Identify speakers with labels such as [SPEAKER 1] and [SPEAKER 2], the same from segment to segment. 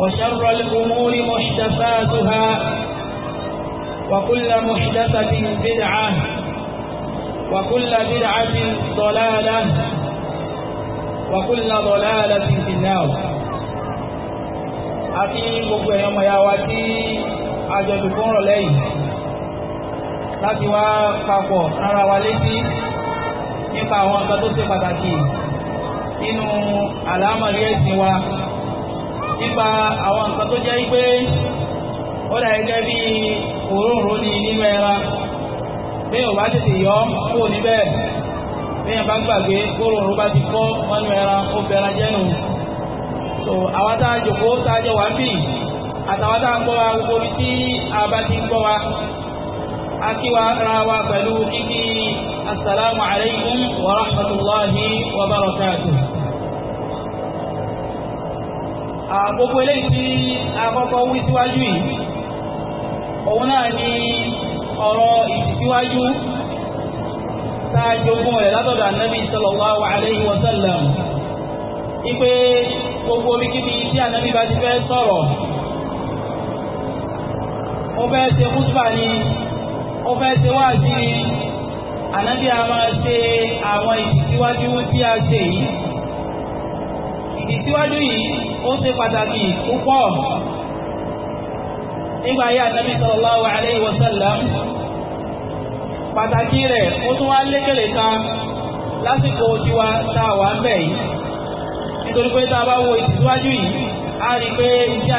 [SPEAKER 1] وشر الأمور محدثاتها وكل محدثة بدعة وكل بدعة ضلالة وكل ضلالة في النار أتي بقوة يوم يواتي أجدكم رلي láti wá papọ̀ rárá wa létí nípa àwọn nǹkan tó ṣe pàtàkì nípa àwọn nǹkan tó jẹ́ pé ó dà gẹ́gẹ́ bí òróǹro ní nínú ẹran bí yóò bá tètè yọ kó o níbẹ̀ bí yóò bá gbàgbé kóróǹro bá ti kọ́ mọ́nú ẹran ó bẹ̀rẹ̀ jẹ́nu so àwọn tá a jòkó tá a jẹ wà ń bì àtàwọn tá a ń gbọ́ wa gbogbo bí tí a bá ti gbọ́ wa a kí wa ra wa pẹ̀lú kíkí assalamu wa rahmatullahi wa barakatuh. gbogbo eléyìí tí akọ́kọ́ wí síwájú yìí òun náà ni ọ̀rọ̀ ìsíwájú tá a jogún rẹ̀ látọ̀dọ̀ ànábì sallallahu alayhi wa sallam ipe gbogbo bíkíbi tí ànábì bá ti fẹ́ sọ̀rọ̀ ó fẹ́ ṣe kútùbà ni ó fẹ́ ṣe wáàsí ni ànábì a máa ṣe àwọn ìsíwájú tí a ṣe yìí. ìsíwájú yìí ó ṣe pàtàkì púpọ̀ nígbà ayé ànábì sallallahu alayhi wa sallam pàtàkì rẹ̀ ó tún wá lékèlè kan lásìkò tiwa tá a wà ń bẹ̀ yìí nítorí pé tá a bá wo ìsíwájú yìí a rí i pé iṣẹ́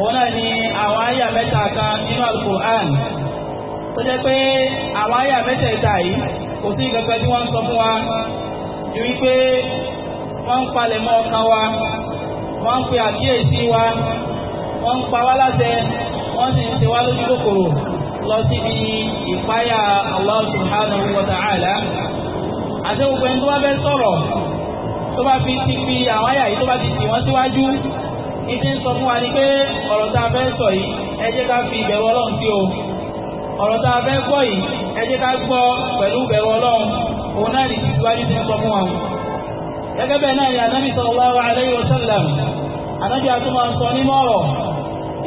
[SPEAKER 1] òun náà ni àwọn àyà mẹ́ta kan nínú Al-Qur'an tó jẹ́ pé àwọn àyà yìí kò sí wọ́n ń palẹ̀ mọ́ ọkàn wa wọ́n ń pe àkíyèsí wa wọ́n ń pa wá láṣẹ wọ́n sì ń wá lójú kòkòrò lọ síbi ìpáyà Allah subhanahu wa ta'ala àti gbogbo ẹni tó bá fẹ́ sọ̀rọ̀ tó bá fi ti fi àwọn tó bá ti tì wọ́n síwájú ní ti ń sọ fún wa ni pé ọ̀rọ̀ tá a fẹ́ sọ yìí ẹ jẹ́ o ọ̀rọ̀ gbọ́ yìí ẹ jẹ́ gbọ́ pẹ̀lú ìbẹ̀rù ọlọ́run gẹ́gẹ́ bẹ́ẹ̀ náà ni anábì sallallahu alayhi wa sallam anábì àtúmọ̀ sọ nínú ọ̀rọ̀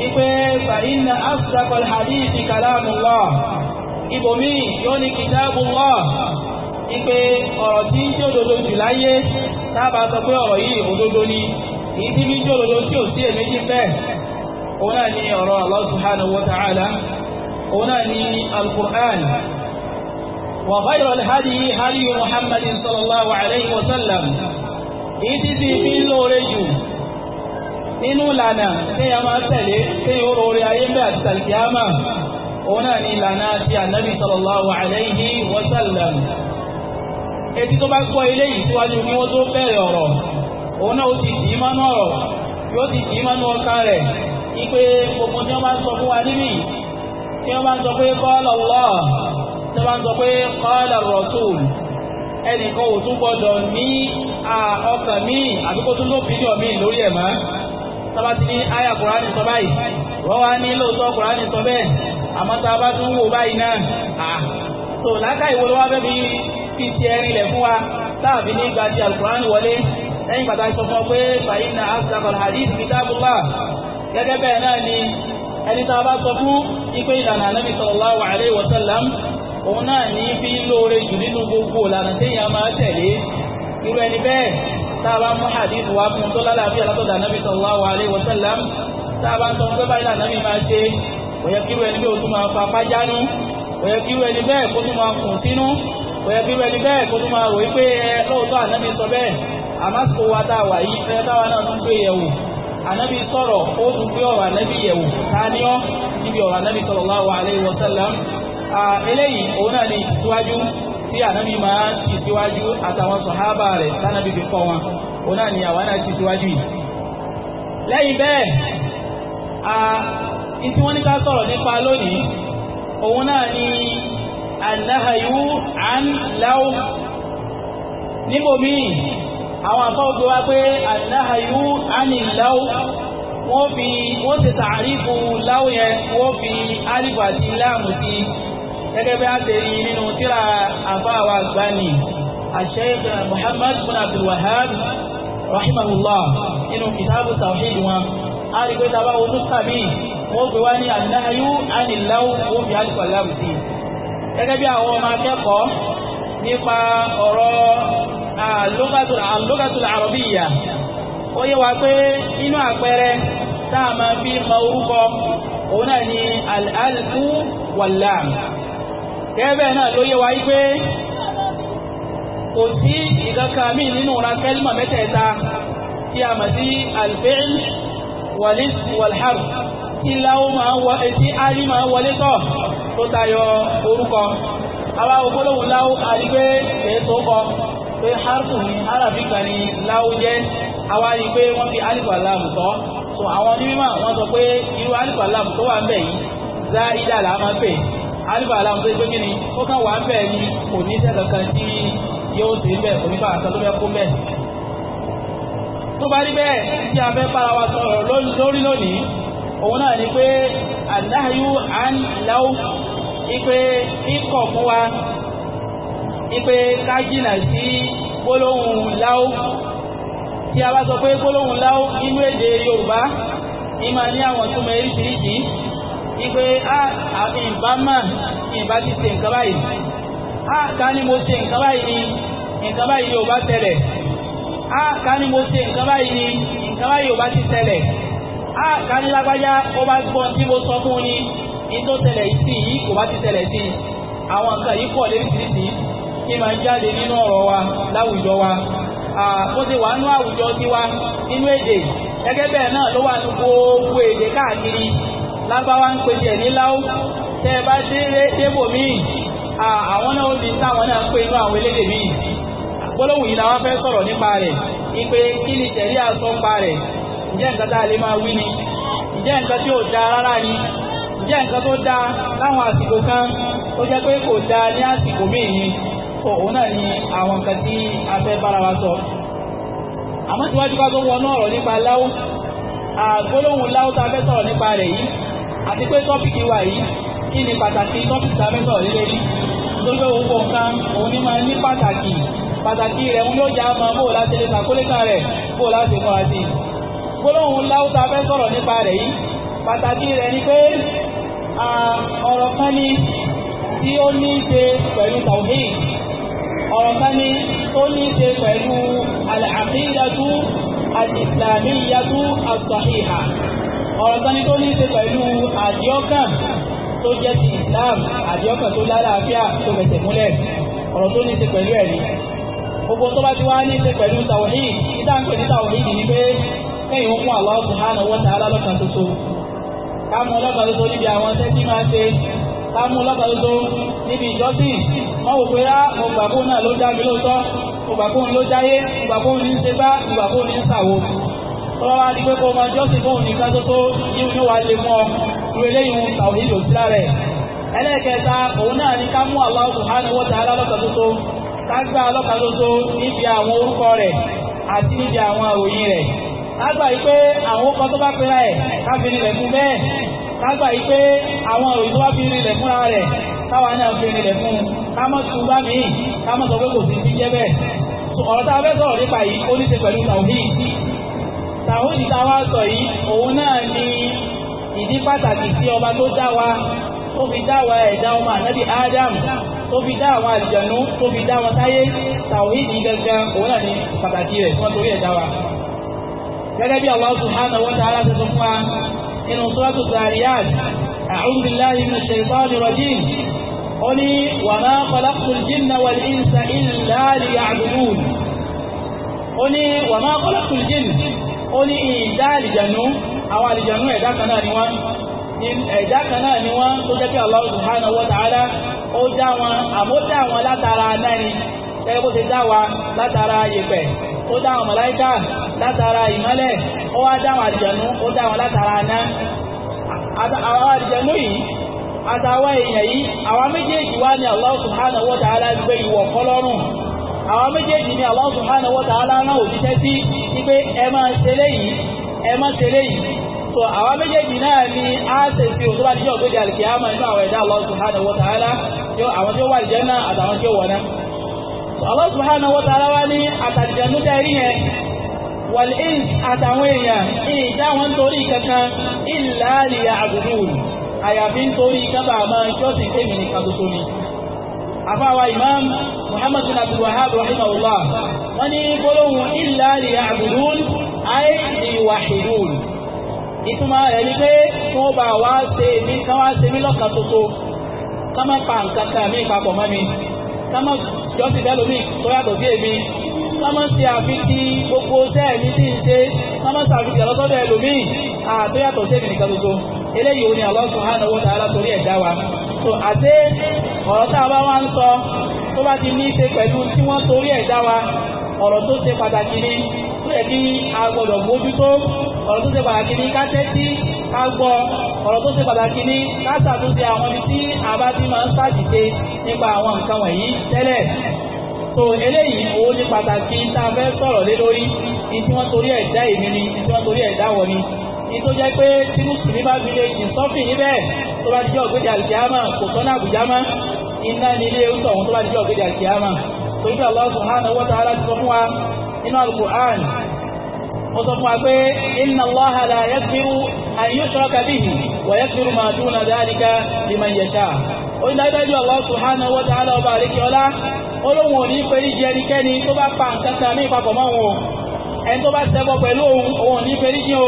[SPEAKER 1] ipe fàyínà asdaqal hadithi kalamullah ibòmí yóò ní kitabullah ipe ọ̀rọ̀ tí ń tí òdodo jù láyé tábà sọ pé ọ̀rọ̀ yìí òdodo ni èyí tí bí ń tí òdodo tí ò sí èméjì bẹ́ẹ̀ òun náà ni ọ̀rọ̀ Allah subhanahu wa ta'ala òun náà ni al-Qur'an wa ghayra al-hadi Muhammadin sallallahu alayhi wa sallam èyí tí sì fi ń lóore jù nínú ìlànà téèyàn máa tẹ̀lé téèyàn ó roore ayé bẹ́ẹ̀ àti tàlìkìámà òun náà ni ìlànà ti ànábì sallallahu alayhi wa sallam etí tó bá gbọ́ ilé yìí síwájú kí wọ́n tó bẹ̀rẹ̀ ọ̀rọ̀ òun náà ó ti dì í mọ́nú ọ̀rọ̀ yóò ti dì í mọ́nú ọkàn rẹ̀ ipe gbogbo tí wọ́n bá ń sọ fún wa níbí tí wọ́n bá ń sọ pé qala tí wọ́n bá ń sọ pé qala Rasul ẹnìkan ò tún gbọ́dọ̀ ní ọkàn míì àbí kó tún lópinion míì lórí ẹ̀ mọ́ tọ́ba ti ní àyà sọ báyìí wọ́n wá ní lóòótọ́ sọ bẹ́ẹ̀ àmọ́ tá a bá tún wò báyìí náà à láká ìwo ló wá fẹ́ fi fi ti fún wa táàbí ní wọlé lẹ́yìn pàtàkì sọ bẹ́ẹ̀ náà ni ẹni bá sọ fún ipe ìlànà irú ẹni bẹ́ẹ̀ tá a bá mú hadith wá fún tó lálàáfíà látọ̀dà nàbí sallallahu alaihi wa sallam tá a bá ń sọ fún báyìí náà nàbí máa ṣe kò yẹ kí irú ẹni bẹ́ẹ̀ kó tún máa fa pájánú kò yẹ kí irú ẹni bẹ́ẹ̀ kó tún máa kùn sínú kò yẹ kí irú ẹni bẹ́ẹ̀ kó tún máa rò wípé lóòótọ́ ànábì sọ bẹ́ẹ̀ àmásìkò wa tá a wà yìí fẹ́ táwa náà tún gbé yẹ̀wò ànábì sọ̀rọ̀ ó tún gbé ọ̀rọ̀ ànábì yẹ̀wò taniọ́ níbi ọ̀rọ̀ ànábì sallallahu alaihi wa sallam eléyìí òun náà ni ìtúwájú tí ànábì máa ń tì síwájú àtàwọn sọ̀hábà rẹ̀ tánàbí fi kọ́ wọn òun náà ni àwọn náà tì síwájú yìí lẹ́yìn bẹ́ẹ̀ a ìtí wọ́n ní ká sọ̀rọ̀ nípa lónìí òun náà ni àdáhàyú àńláwù níbòmíì àwọn àfọ́gbé wá pé àdáhàyú àńláwù wọ́n fi wọ́n ti tààrífù láwù yẹn wọ́n fi àrífù àti láàmù sí i gẹ́gẹ́ bí a ṣe rí nínú tíra àfáàwà àgbáni Sheikh Muhammad bin Abdul Wahhab rahimahullah nínú kìtàbù tawhid wọn a rí pé tàbá wọn tún tàbí wọ́n gbé wá ní àdáyú ànìláwò wọ́n fi àdìpọ̀ láwùjì gẹ́gẹ́ bí àwọn ọmọ akẹ́kọ̀ọ́ nípa ọ̀rọ̀ àlógàtúlà àrọ̀bíyà ó yé wa pé inú àpẹẹrẹ tá máa fi mọ orúkọ òun náà ni al-alfu gẹ́gẹ́ náà ló yé wa yí pé kò sí ìkankan míì nínú ran kẹ́límà mẹ́tẹ̀ẹ̀ta tí a mọ̀ sí alfẹ́ẹ̀l wàlís wàlhàr ìlà ó máa wọ etí alí máa wọlé tọ̀ tó tayọ orúkọ àwa ògbólóhùn láwó àrígbé ètò kọ pé harfu ní arábíkà ni láwó jẹ́ àwa rí pé wọ́n fi alif alam àwọn onímọ̀ wọ́n sọ pé irú alif alam wà ń bẹ̀ yìí zá ìdá làá máa pè é alif alam tó gbé kíni ó kàn wà ń bẹ̀ kò ní iṣẹ́ kankan tí yóò ṣe bẹ́ẹ̀ kò ní bá tó fẹ́ kó tó bá rí bẹ́ẹ̀ tí a fẹ́ bára wa sọ̀rọ̀ lórí lónìí òun náà ni pé aláhàyú àńláwó ipe ikọ̀ fún wa ipe sí gbólóhùn tí a bá sọ pé wípé a ìbá mà ìbá ti ṣe nǹkan báyìí a ká ní mo ṣe nǹkan báyìí ni nǹkan báyìí yóò bá tẹ̀lẹ̀ a ah, ká ní mo ṣe nǹkan báyìí ni nǹkan báyìí yóò bá ti tẹ̀lẹ̀ a ah, ká ní lágbájá ó bá gbọ́ tí mo sọ fún ni ní tó tẹ̀lẹ̀ sí yìí kò bá ti tẹ̀lẹ̀ sí àwọn nǹkan yìí pọ̀ lóríṣiríṣi kí máa jáde nínú ọ̀rọ̀ wa láwùjọ wa bó ti wà nínú àwùjọ tiwa nínú èdè gẹ́gẹ́ bẹ́ẹ̀ náà ló wà ní gbogbo èdè káàkiri lábáwá ń pè n'i ní láwù tẹ́ ẹ bá dé débò míì àwọn náà ó di táwọn náà ń pè inú àwọn elédè míì gbólóhùn yìí làwọn fẹ́ sọ̀rọ̀ nípa ipe kí ni tẹ̀lé pa rẹ̀ ǹjẹ́ nǹkan tá a lè máa wí ni ǹjẹ́ nǹkan tí ò dáa rárá ni ǹjẹ́ nǹkan tó da láwọn àsìkò kan tó jẹ́ pé kò da ní àsìkò míì ni òun náà ni àwọn nǹkan tí a fẹ́ bára wa sọ àmọ́ ká tó wọnú ọ̀rọ̀ nípa láwù àgbólóhùn láwù tá a fẹ́ sọ̀rọ̀ àti pé tọ́pìkì wa yìí kí ni pàtàkì tọ́pìkì tá a fẹ́ sọ̀rọ̀ lélẹ̀ yìí lórí owó nǹkan òun ní máa ní pàtàkì pàtàkì rẹ̀ òun yóò já máa bó láti lè sàkólékà rẹ̀ bó láti mọ́ àti gbólóhùn láwù tá a fẹ́ sọ̀rọ̀ nípa rẹ̀ yìí pàtàkì rẹ̀ ni pé ọ̀rọ̀ kan ní tí ó ní í ṣe pẹ̀lú tawhid ọ̀rọ̀ kan ní tó ní í ṣe pẹ̀lú al-aqidatu al-islamiyatu as-sahiha ọ̀rọ̀ tani ni tó ní ṣe pẹ̀lú àdíọ́kàn tó jẹ́ ti Islam àdíọ́kàn tó lálàáfíà tó fẹsẹ̀ múlẹ̀ ọ̀rọ̀ tó ní ṣe pẹ̀lú ẹ̀rí gbogbo tó bá ti wá ní ṣe pẹ̀lú tàwọ̀hídì ìdá ní tàwọ̀hídì ni pé kẹ́yìn Allah subhanahu wa ta'ala lọ́kàn tuntun ká mú ọlọ́kàn tuntun níbi àwọn iṣẹ́ tí máa ṣe ká mú ọlọ́kàn tuntun níbi ìjọsìn wọ́n wò pé á mo gbàgbóhùn náà ló dá mi lóòótọ́ mo gbàgbóhùn ló dáyé tọ́wọ́ wá di pé kó máa jọ́sìn fóun nìkan tó tó yíwú ní wàá lè mọ́ ru eléyìí ń tàwọn ìlò sílá rẹ̀ ẹlẹ́ẹ̀kẹta òun náà ni ká mú Allah subhanahu wa ta'ala lọ́kàn tó tó ká gbá lọ́kàn tó tó níbi àwọn orúkọ rẹ̀ àti níbi àwọn àròyìn rẹ̀ lágbà yìí pé àwọn ọkọ̀ tó bá pera ẹ̀ káfíìnì rẹ̀ fún bẹ́ẹ̀ lágbà un ká mọ́ tún bá mi ká sọ pé kò sí ti jẹ́ bẹ́ẹ̀ ọ̀rọ̀ tá a fẹ́ sọ̀rọ̀ nípa yìí ó ní ṣe pẹ̀lú tàwíì tàwọ́dì táwa sọ yìí òun náà ni ìdí pàtàkì tí ọba tó dá wa tó fi dá wa ẹ̀dá ọmọ ànábì Ádámù tó fi dá àwọn àlìjànú tó fi dá wọn sáyé tàwọ́dì gangan òun náà ni pàtàkì rẹ̀ tí torí ẹ̀dá wa. gẹ́gẹ́ bí Allah subhanahu wa ta'ala ṣe sọ fún wa nínú suratu Zariyat a'udhu billahi minash shaitanir ó ní wa ma khalaqtul jinna ní ó ní ìdá àlìjànú àwọn àlìjànú ẹ̀dá kan náà ni wọ́n ẹ̀dá kan náà ni wọ́n tó jẹ́ Allah subhanahu wa ta'ala ó dá wọn àmọ́ wọn látara náírì gẹ́gẹ́ bó ṣe dá wa látara yèpẹ̀ ó dá wọn màláíkà látara ìmọ́lẹ̀ ó wá dá wọn àlìjànú ó dá wọn látara aná àwọn àlìjànú yìí àtàwọn èèyàn yìí àwọn méjèèjì wá ní wa gbé ìwọ̀ àwọn méjèèjì wípé ẹ máa ṣe léyìí ẹ máa ṣe léyìí so àwọn méjèèjì náà ni a ṣe sí òtó bá ti yọ̀ tó di àlìkìyàmọ̀ àwọn ẹ̀dá Allah subhanahu wa ta'ala yóò àwọn tí ó wà ìjẹ́ náà àtàwọn tí ó wọ̀ náà Allah ya, wa ta'ala wá ní àtàlìjẹ̀nú tẹ́ rí yẹn wàlíìn àtàwọn èèyàn ìdá wọn torí kankan àyàfi nítorí kábà máa nìkan tuntun ni imam wọ́n ní gbólóhùn illa liya'budun ay liyuwahhidun ìtumọ̀ rẹ̀ ni pé kí wọ́n bá wá ṣe mí kí wọ́n ṣe mí lọ́kàn ṣoṣo ká má pa nǹkan kan mí papọ̀ mọ́ mi ká má jọ́sìn bẹ́ẹ̀ lómi èmi kọ́mọ́ sí àfitì gbogbo sẹ́ẹ̀mí tí ń ṣe kọ́mọ́ sí ọlọ́sọ́dọ̀ ẹlòmíì àtúyàtọ̀ sí ènìyàn gbogbo eléyìí òní Allah subhanahu wa tó bá ti ní í ṣe pẹ̀lú tí wọ́n torí ẹ̀dá wa ọ̀rọ̀ tó ṣe pàtàkì ni tó yẹ kí a gbọ́dọ̀ mójútó ọ̀rọ̀ tó ṣe pàtàkì ni ká tẹ́tí ká gbọ́ ọ̀rọ̀ tó ṣe pàtàkì ni ká ṣàtúnṣe àwọn ibi tí a bá ti máa ń ṣàṣìṣe nípa àwọn nǹkan wọ̀nyí tẹ́lẹ̀ so eléyìí owó ní pàtàkì tá a fẹ́ sọ̀rọ̀ lé lórí ní tí wọ́n torí ẹ̀ dá èmi ni ní tí wọ́n torí ẹ̀ dá wọ ni ní tó jẹ́ pé tí mùsùlùmí bá fi lè jìn sọ́fìn níbẹ̀ tó bá ti jẹ́ ọ̀gbẹ́dẹ̀ àlùkìyàmà kò sọ́nà àbújá mọ́ iná nílé ẹ̀rú tọ̀hún tó torí pé Allah subhanahu wa ta'ala ti sọ fún wa nínú al-Qur'an ó sọ fún wa pé inna Allaha la yaghfiru an yushraka bihi wa yaghfiru ma duna dhalika liman yasha ó ní dájúdájú Allah subhanahu wa ta'ala ọba àríkíọ́lá olóhùn òní pẹ̀lú jẹ́ ẹnikẹ́ni tó bá pa nǹkan kan ní ìpapọ̀ mọ́ òun ẹni tó bá ṣẹbọ pẹ̀lú òun òní pẹ̀lú jẹ́ o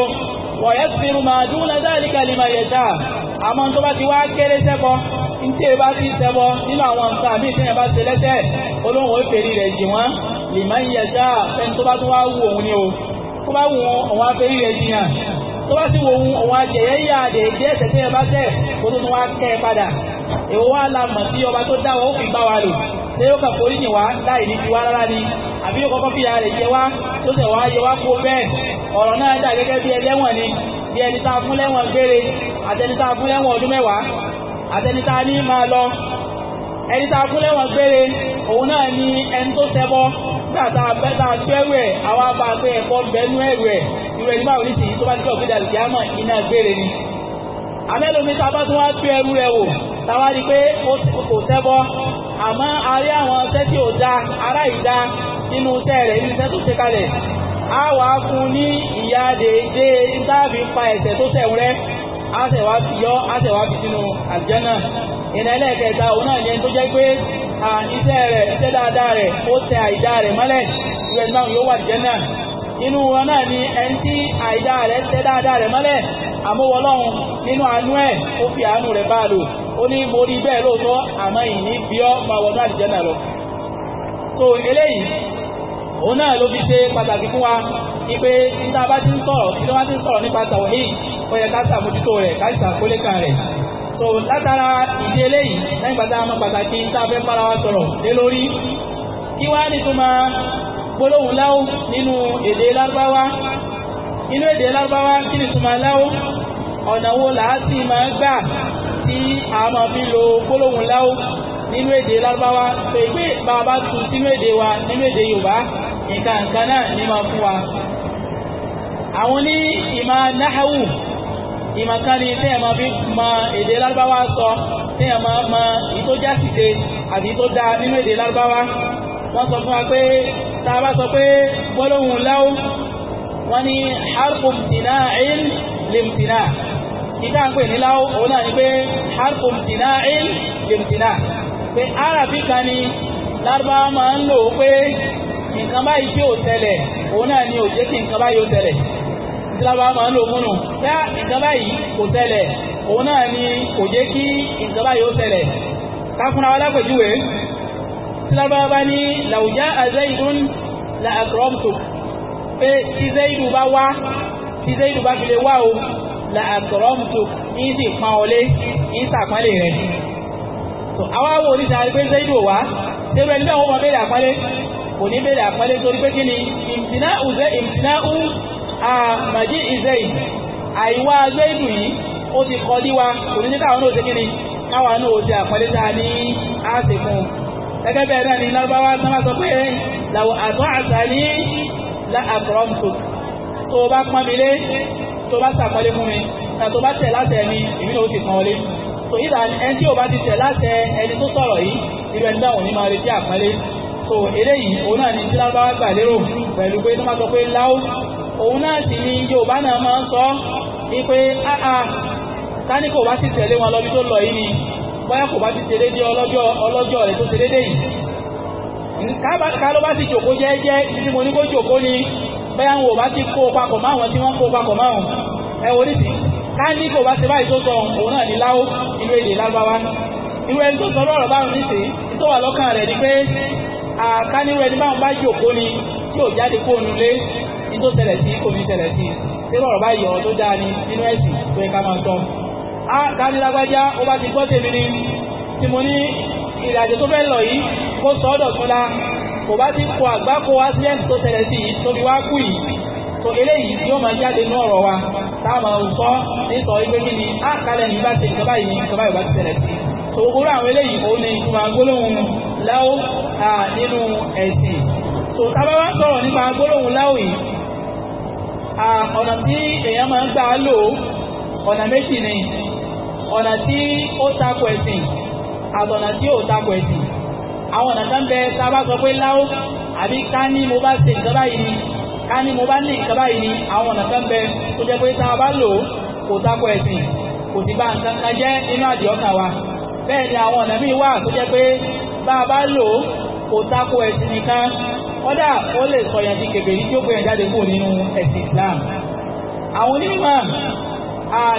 [SPEAKER 1] wa yaghfiru ma duna dhalika liman yasha àmọ́ tó bá ti wá kéré ṣẹbọ ní tí èyí bá ti ṣẹbọ nínú àwọn nǹkan àbí ìṣẹ́yìn bá ṣe lẹ́sẹ̀ olóhùn ó fèrè rẹ̀ jì wọ́n lè má yẹ já ẹni tó bá tó wá wù òun ni o tó bá wù òun rẹ̀ jì tó bá sì wù òun òun àjẹyẹ yà dé dé ẹsẹ̀ tẹ́yẹ bá tẹ̀ kó tó tún wá kẹ́ ẹ padà èwo wá la mọ̀ sí ọba ó fi bá wa lò ṣé yóò forí yìn wá láì ní rárá ni àbí yóò kọ́kọ́ rẹ̀ wá tó ni bí ẹni tá a fún lẹ́wọ̀n gbére a fún lẹ́wọ̀n ọdún mẹ́wàá lọ ẹni tá a kú lẹ́wọ̀n gbére òun náà ni ẹni tó ṣẹbọ gbàtà bẹ́tà tó ẹrù ẹ̀ àwa bá a pé ẹ̀kọ́ bẹ́nu ẹrù ẹ̀ irú ẹni báwo ní sì yí tó bá ti tọ̀ gbéjà lùkì àmọ́ iná gbére ni. àmẹ́lòmí tá a bá tún wá tú ẹrù rẹ̀ wò táwa rí i pé kò ṣẹbọ àmọ́ a rí àwọn iṣẹ́ tí ò da ará ìda nínú iṣẹ́ rẹ̀ nínú iṣẹ́ tó ṣe kalẹ̀ á wàá fún ní ìyá déédé dáàbì pa ẹ̀ṣẹ̀ tó ṣẹ̀ rẹ̀ á ṣẹ̀ wá fi yọ́ á ṣẹ̀ wá fi sínú àlùjánnà ìrìn ẹlẹ́ẹ̀kẹta òun náà ni ẹni tó jẹ́ pé iṣẹ́ rẹ̀ iṣẹ́ dáadáa rẹ̀ ó tẹ àìdá rẹ̀ mọ́lẹ̀ ìrẹ̀ náà yóò wà jẹ́ náà inú wọn náà ni ẹni tí àìdá rẹ̀ dáadáa rẹ̀ mọ́lẹ̀ nínú ẹ̀ ó fi àánú rẹ̀ bá lò ó ní mo rí bẹ́ẹ̀ máa wọnú so eléyìí òun náà ló fi ṣe pàtàkì fún ipe bá ti ń sọ̀rọ̀ ti ń so látara ìdí eléyìí lẹ́yìn pàtàkì àwọn pàtàkì tá a fẹ́ bára wa sọ̀rọ̀ lé lórí kí wá nítumọ̀ gbólóhùn láwù nínú èdè lárúbáwá inú èdè lárúbáwá kí nítumọ̀ láwù ọ̀nà wo làá sì máa gbà tí a máa fi lo gbólóhùn láwù nínú èdè lárúbáwá pé pé bàbá tún sínú èdè wa nínú èdè yorùbá nǹkan nǹkan náà ní máa fún wa àwọn ní ìmọ̀ náhàwù ìmọ̀kánni tí ẹ̀ máa fi mọ èdè lárúbáwá sọ tí ẹ̀ máa mọ ìtó jásìde àbí tó dáa nínú èdè lárúbáwá wọ́n sọ fún wa pé tá a bá sọ pé gbólóhùn láwù wọ́n ní harfu mtina'in limtina' ìdá ń pè ní láwù òun náà ni pé harfu mtina'in limtina' pé árabi kan ni lárúbáwá máa ń lò ó pé nǹkan báyìí tí ò tẹ̀lẹ̀ òun náà ni ò jẹ́ kí nǹkan báyìí ó tẹ̀lẹ̀ ìsìlábà máa ń lò fún nù tá ìjọba yìí kò ṣẹlẹ̀ òun náà ni kò jẹ́ kí ìjọba yìí ó ṣẹlẹ̀ wa lápèjúwe ìsìlábà bá ní làwùjá àzẹ́yìdún la àkọ́rọ́mùtò pé tí zẹ́yìdù bá wá tí zẹ́yìdù bá fi lè wá o la àkọ́rọ́mùtò ní sì pọn ọlé ní sàpọ́nlé rẹ̀ àwa wo oríṣi àti pé zẹ́yìdù wá ṣébí ẹni bẹ́ẹ̀ wọ́n mọ bẹ́ẹ̀ àpọ́nlé kò ní bẹ́ẹ̀ àpọ́nlé torí pé kí ni ìmtìnà Ah, màjí ìzẹ́yì àìwá zaidu yìí ó ti kọ́ díwa kò ní níkà àwọn náà ṣe kí ni káwa náà ó ti àpẹẹlẹ tá a ní àṣẹ fún un gẹ́gẹ́ bẹ́ẹ̀ náà ni lárúbáwá sábà sọ pé làwọn àtọ́ àṣà ní láàkọ́rọ́mùtò tó o bá pọ́n mi lé tó bá ṣàpẹẹlẹ fún mi na tó o bá tẹ̀ láṣẹ mi èmi náà ó ti pọ́n ọ lé tó yíta ẹni tí o bá ti tẹ̀ láṣẹ ẹni tó sọ̀rọ̀ yìí irú ẹni dáhùn ní máa retí àpẹẹlẹ tó eléyìí òun náà ni tí lárúbáwá gbà lérò pẹ̀lú pé tó máa sọ pé láwù òun náà sì ni Yorùbá náà máa ń sọ ní pé áà tani kò bá ti tẹ̀lé wọn lọ́bí tó lọ yìí ni bóyá kò bá ti tẹ̀lé dé ọlọ́jọ́ rẹ̀ tó tẹ̀lé dé yìí ká ló bá ti jòkó jẹ́ẹ́jẹ́ ní mo ní kó jòkó ni bóyá wọn ò bá ti kó papọ̀ máwọn tí wọ́n kó papọ̀ máwọn ẹ wo nísì ká ní kò bá ti báyìí tó sọ òun náà ní láwó ìlú èdè lágbáwá irú ẹni tó sọ lọ́rọ̀ báwọn nísì tó wà lọ́kàn rẹ̀ ni pé àkáníwẹ̀ẹ́ni báwọn bá jòkó ni tí ò jáde kó onulé ní tó ṣẹlẹ̀ sí kò ní sí ṣé lọ́rọ̀ báyìí tó dáa ni nínú ẹ̀sìn tó yẹ máa sọ. a dánilágbájá ó bá ti gbọ́ tèmi ni tí mo ní ìrìn àjò tó fẹ́ lọ yìí kó sọ ọ́ dọ̀túnla kò bá ti kó àgbákò accident tó ṣẹlẹ̀ sí tó fi wá kú yìí so eléyìí yóò máa jáde ní ọ̀rọ̀ wa táwọn ọ̀rọ̀ sọ nítorí ìgbé kí ni ọ̀nà tí èèyàn máa ń gbà lò ọ̀nà méjì ni ọ̀nà tí ó takò ẹ̀sìn àtọ̀nà tí ó takò ẹ̀sìn àwọn ọ̀nà tó ń bẹ tá a bá sọ pé láó àbí ká ní mo bá ṣe nǹkan báyìí ni ká ní mo bá ní nǹkan báyìí ni àwọn ọ̀nà tó bẹ tó jẹ́ pé tá a bá lò kò takò ẹ̀sìn kò sì bá nǹkan kan jẹ́ inú àdìọ́kàn wa bẹ́ẹ̀ ni àwọn ọ̀nà míì wà tó jẹ́ pé bá a bá lò kò takò ẹ̀sìn nìkan kọ́dà ó lè sọ̀yàn di kèbèrè tí ó gbé ẹ̀jáde kúrò nínú ẹ̀sìn Islam àwọn onímọ̀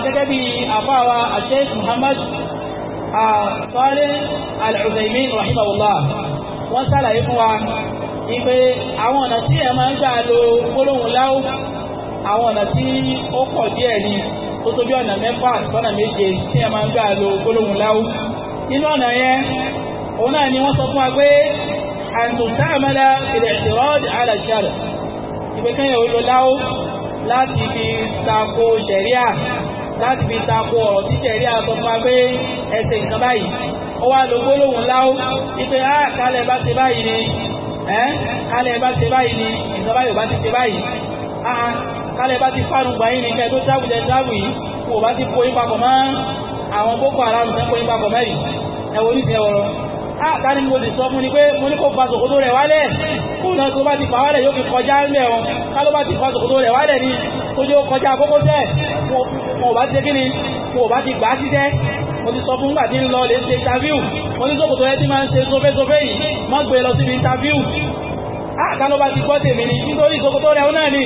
[SPEAKER 1] gẹ́gẹ́ bí àfáwa Sheikh Muhammad Salih Al-Uthaymeen rahimahullah wọ́n sàlàyé fún wa ìpè àwọn ọ̀nà tí ẹ̀ máa ń gbà lo gbólóhùn láwù àwọn ọ̀nà tí ó pọ̀ díẹ̀ ni tó tó bí ọ̀nà mẹ́fà sọ́nà méje tí lo gbólóhùn láwù nínú ọ̀nà yẹn òun náà ni wọ́n sọ أن تستعمل في الاعتراض على الشرع يبقى كان يقول له لا تبي تاكو شريعة لا تبي تاكو ọ̀rọ̀ شريعة تقوى pé ẹsẹ̀ nǹkan هو ó wá lo gbólóhùn láwó ipe á kálẹ̀ bá ṣe báyìí ni ẹ́ kálẹ̀ bá ṣe báyìí ni nǹkan báyìí ò bá ti ṣe báyìí áá kálẹ̀ bá ti fánu gbà yín ni kẹ́ tó tábù jẹ yìí kò bá ti po papọ̀ mọ́ àwọn boko haram tẹ́ po yín papọ̀ mẹ́rin ẹ̀wọ̀n oníṣẹ́ ọ̀rọ̀ àtàrí ah, mo lè sọ mú ni pé mo ní kó fa sòkòtò rẹ̀ wálẹ̀ fún náà tó bá ti fà wálẹ̀ yóò fi kọjá ń wọn ká ló bá ti fa sòkòtò rẹ̀ wálẹ̀ ni tó jẹ́ kọjá kókósẹ̀ mo bá ṣe kí mo bá ti gbà á ṣiṣẹ́ mo ti sọ fún gbà tí ń lọ lè ṣe interview mo ní sòkòtò rẹ̀ ti máa ń ṣe sofẹ́sofẹ́ yìí má e lọ síbi interview àtàrí ah, mo bá ti gbọ́ tèmi ni nítorí sòkòtò rẹ̀ náà ni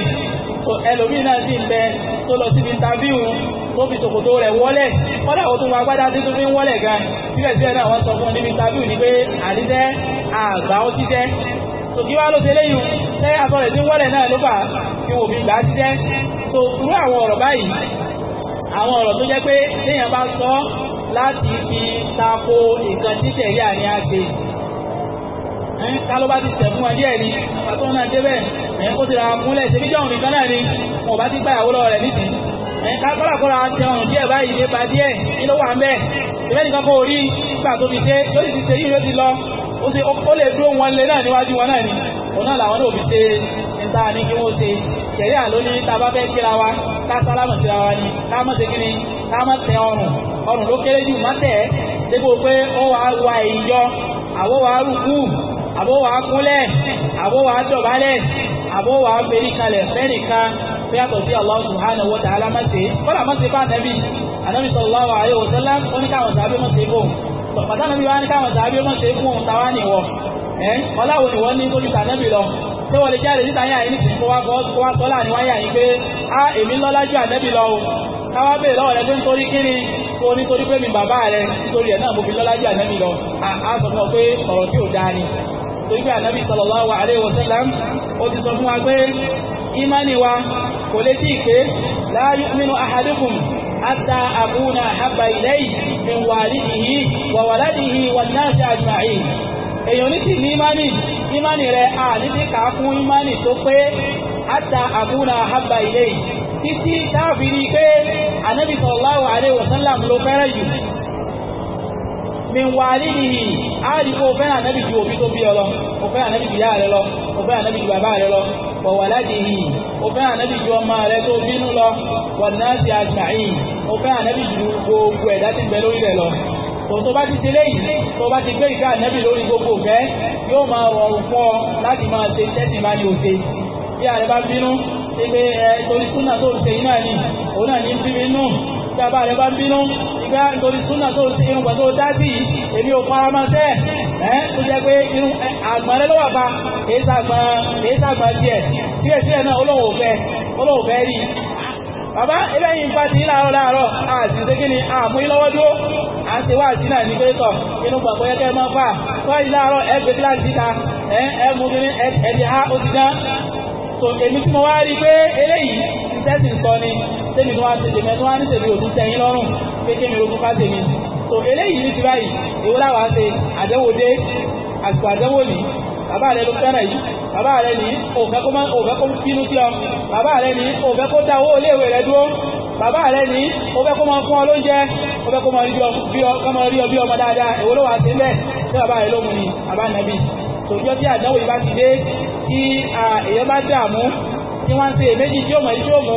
[SPEAKER 1] ẹlòmíì náà sì ń bẹ tó lọ síbi interview tó fi ṣòkòtò rẹ̀ wọ́lẹ̀ kọ́dà ó tún wá gbádá tí tó fi ń wọ́lẹ̀ gan síbẹ̀síbẹ̀ náà wọ́n sọ fún un níbi interview ni pé àníṣẹ́ àgbà ó ti jẹ́ tòkí wá ló ṣe léyìn ṣé aṣọ rẹ̀ tí ń wọ́lẹ̀ náà ló fà kí wò mí gbà á ti jẹ́ tó rú àwọn ọ̀rọ̀ báyìí àwọn ọ̀rọ̀ tó jẹ́ pé téèyàn bá sọ láti fi tako nǹkan títẹ̀ yà ní àgbè ká ló bá ti tẹ̀ fún wa díẹ̀ ni àtọ́ náà débẹ̀ ẹ̀yìn kó ti ra múlẹ̀ ṣe bíjọ́ òun nìkan náà ni wọn ò bá ti gba ìyàwó lọ́wọ́ rẹ̀ nítì ẹ̀yìn kákọ́làkọ́là ti ọrùn díẹ̀ báyìí ní ba díẹ̀ nínú wà mẹ́ ìfẹ́ nìkan kó rí gbà tó fi ṣe yóò sì ti ṣe yìí yóò ti lọ ó lè dúró wọn lé náà níwájú wọn náà ni òun náà làwọn náà fi ṣe níta ní kí wọ́n ṣe ṣẹ̀rí àlóní tá a bá fẹ́ kíra wa ká sálámù síra wa ni ká mọ̀ ṣe kí ni ká mọ̀ tẹ ọrùn ọrùn ló kéré jù má tẹ̀ dépò pé ó wàá wa èyí yọ àwọ̀ wàá rúkú àbọ̀ wàá kúnlẹ̀ àbọ̀ wàá dọ̀bálẹ̀ àbó wà á fẹ́rí kalẹ̀ fẹ́rí kan bí a tọ̀ sí Allah subhanahu wa ta'ala má ṣe kọ́lá má ṣe bá ànábì ànábì sallallahu alaihi wa sallam ó ní káwọn sàábé má ṣe fóun bàtà ànábì wa ní káwọn sàábé má ṣe fún òun táwa nìwọ ẹ ọláwo ni wọ́n ní tó ju tànábì lọ tí wọ́n lè jáde níta yára yìí nìsín kó wá sọ láàrin wáyà yìí pé a èmi lọ́lá ju ànábì lọ o káwá bèèrè lọ́wọ́ rẹ pé nítorí kíni kó o nítorí pé mi bàbá rẹ nítorí ẹ̀ náà mo fi lọ́lá ju ànábì lọ a sọ fún ọ pé ọ̀rọ̀ tí ò dáa ni torí pé ànábì sallallahu alaihi wasallam ó ti sọ fún wa pé ìmánì wa kò lè tí ì pé la yu'minu ahadukum hatta akuna habba ilayhi min walidihi wa waladihi wan nasi ajma'in èèyàn ní sì ní ìmánì ìmánì rẹ̀ à ní ti mi wà nídìí àdìgbò òfẹ́ ànábì ju òbí tó bí ọ lọ òfẹ́ ànábì ju yá rẹ lọ òfẹ́ ànábì ju bàbá rẹ lọ wọ̀wà láti yìí òfẹ́ ànábì ju ọmọ rẹ tó bínú lọ wọ̀nà sí àgbàyìn òfẹ́ ànábì ju gbogbo ẹ̀dá ti bẹ lórí rẹ lọ tòótọ́ bá ti ṣe léyìí tó bá ti gbé ìka ànábì lórí gbogbo òfẹ́ yóò máa rọrùn fún ọ láti máa ṣe tẹ́sì máa ní òṣè bí ààrẹ bá bínú ṣe pé ẹ torí súnà tó ń ṣe iná ni òun náà ní bíbí nù bí àbá rẹ bá bínú já nítorí súnà tó ti irun gbà tó dá sí yìí èmi ò fara máa tẹ́ ẹ̀ tó jẹ́ pé irun àgbọ̀n rẹ lọ́wọ́ bá èyí díẹ̀ díẹ̀ díẹ̀ náà rí bàbá láàárọ̀ láàárọ̀ àti ṣe ni àmú ìlọ́wọ́ dúró náà ní inú ẹ máa fà láàárọ̀ ebe gbé kíláàsì ha ó ti dán. tó èmi tí mo wá rí pé eléyìí ni tẹ́mi tó wá ṣe tèmi tó wá ní tèmi òtún tẹ́yìn lọ́rùn pé kémi òtún ká tèmi tó eléyìí ní ti báyìí èwo láwàá ṣe àdẹ́wò dé àsìkò àdẹ́wò nìí bàbá rẹ ló fẹ́ràn yìí bàbá rẹ ní òfẹ́ kó má òfẹ́ kó bínú sí ọ bàbá rẹ ní òfẹ́ kó dá owó iléèwé rẹ dúró bàbá rẹ ní òfẹ́ kó máa fún ọ lóúnjẹ òfẹ́ kó máa rí ọ bí ọmọ dáadáa èwo ló wà sí bẹ́ẹ̀ tí bàbá rẹ ló mú ni bàbá nàbí tòjọ́ tí àdánwò yìí bá ti dé kí èèyàn bá dààmú tí wọ́n ń ṣe èméjì tí ó mọ̀ tí ó mú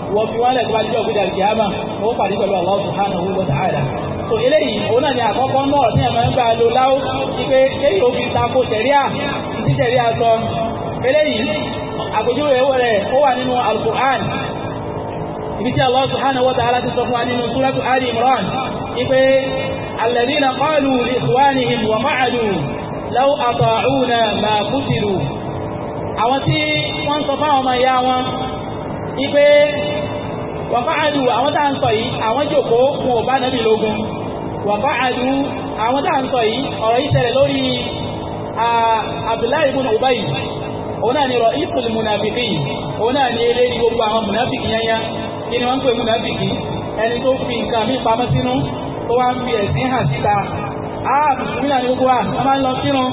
[SPEAKER 1] wọ́n fi wọ́n lẹ̀ tó bá jẹ́ òkúta ìkìyàmà ó pàdé pẹ̀lú Allah subhanahu wa ta'ala so eléyìí òun náà ni àkọ́kọ́ náà ní ẹ̀mọ́ ń gbà lo pé kéyìí ó tako sẹ̀ríà ti sẹ̀ríà sọ eléyìí àpèjúwe rẹ̀ ó wà nínú al-Qur'an ibi tí Allah subhanahu wa ta'ala ti sọ fún wa nínú suratu Ali Imran ipe alladhina qalu li ikhwanihim àwọn tí wọ́n sọ fáwọn ọmọ ìyá wọn ipe wàfáàdù àwọn tá ń sọ yìí àwọn jókòó wọn ò bá nàbì lógun wàfáàdù àwọn tá ń sọ yìí ọ̀rọ̀ yìí ṣẹlẹ̀ lórí Abdullahi ibn Ubay òun náà ni ra'isul munafiqin òun náà ni eléyìí gbogbo àwọn munafiki yányá kí ni wọ́n ń pè ẹni tó fi nǹkan mi pamọ́ sínú tó wá ń fi ẹ̀sìn hàn wa wọ́n máa ń lọ sínú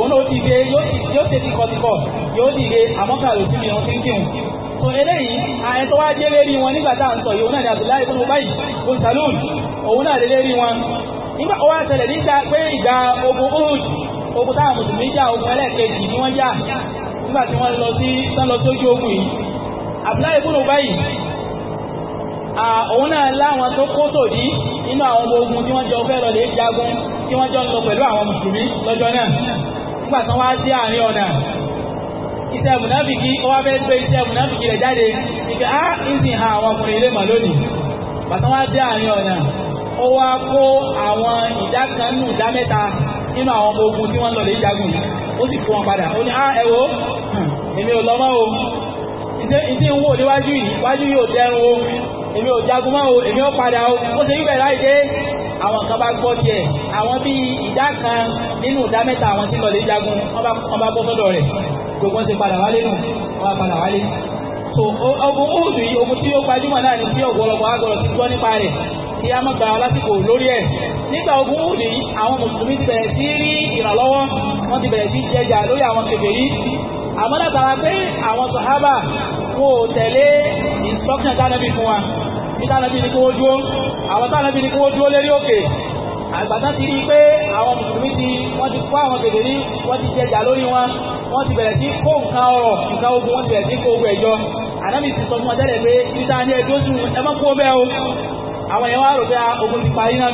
[SPEAKER 1] òun ti ń kírun so eléyìí àyẹ̀ tó wá dé lérí wọn nígbà tá à ń sọ yìí òun náà ni Abdullahi ibn Ubay ibn Salul òun náà lè lérí wọn nígbà ó wá ṣẹlẹ̀ nígbà pé ìgbà ogun Uhud ogun táwọn mùsùlùmí jà ogun ẹlẹ́ẹ̀kejì ni wọ́n jà nígbà tí wọ́n lọ sí tán lọ sójú ogun yìí Abdullahi ibn Ubay òun náà láwọn tó kó tòdí nínú àwọn ọmọ ogun tí wọ́n jọ fẹ́ lọ lè jagun tí wọ́n jọ lọ pẹ̀lú àwọn mùsùlùmí lọ́jọ́ náà nígbà tán wá sí àárín ọ̀nà iṣẹ́ mùnáfìkì ó wá fẹ́ gbé iṣẹ́ mùnáfìkì rẹ̀ jáde ìgbà á ń sìn ha àwọn ọkùnrin ilé mà lónìí bàtà wá dé àárín ọ̀nà ó wá kó àwọn ìdá kan nù ìdá mẹ́ta nínú àwọn ọmọ ogun tí wọ́n lọ lè jagun yìí ó sì kó wọn padà ó ní á ẹ wo èmi ò lọ́mọ́ o ìdí ń wò níwájú yìí wájú yìí ò dẹrùn o èmi ò jagun mọ́ o èmi ò padà o ó ṣe wípé láì dé àwọn kan bá gbọ́ tiẹ̀ àwọn bíi ìdá kan nínú ìdá mẹ́ta àwọn tí lọ lè jagun wọ́n bá bọ́ sọ́dọ̀ rẹ̀ gbogbo ṣe padà wálé nù wọ́n padà wálé. so ogun oòdù yìí ogun tí ó gbajúmọ̀ náà ni tí ọ̀pọ̀lọpọ̀ agbọ̀rọ̀ ti gbọ́ nípa rẹ̀ tí a mọ̀ gba lásìkò lórí ẹ̀ nígbà ogun oòdù yìí àwọn mùsùlùmí ti bẹ̀rẹ̀ sí rí ìrànlọ́wọ́ wọ́n ti bẹ̀rẹ̀ sí jẹjà lórí àwọn kèfèrí àmọ́ látara pé àwọn sàhábà kò tẹ̀lé instruction tánàbí fún wa bí tánàbí ni kó dúó àwọn ti rí pé àwọn mùsùlùmí ti wọ́n ti kó àwọn kèfèrí wọ́n ti jẹjà lórí wọn wọ́n ti bẹ̀rẹ̀ sí kó nǹkan ọ̀rọ̀ nǹkan ogun wọ́n ti bẹ̀rẹ̀ sí kó ogun ẹ̀jọ́ ànábì ti sọ fún wọn tẹ́lẹ̀ pé níta ní ẹjọ́ sùn ẹ má kú ọ o àwọn èèyàn wá rò pé ogun ti parí náà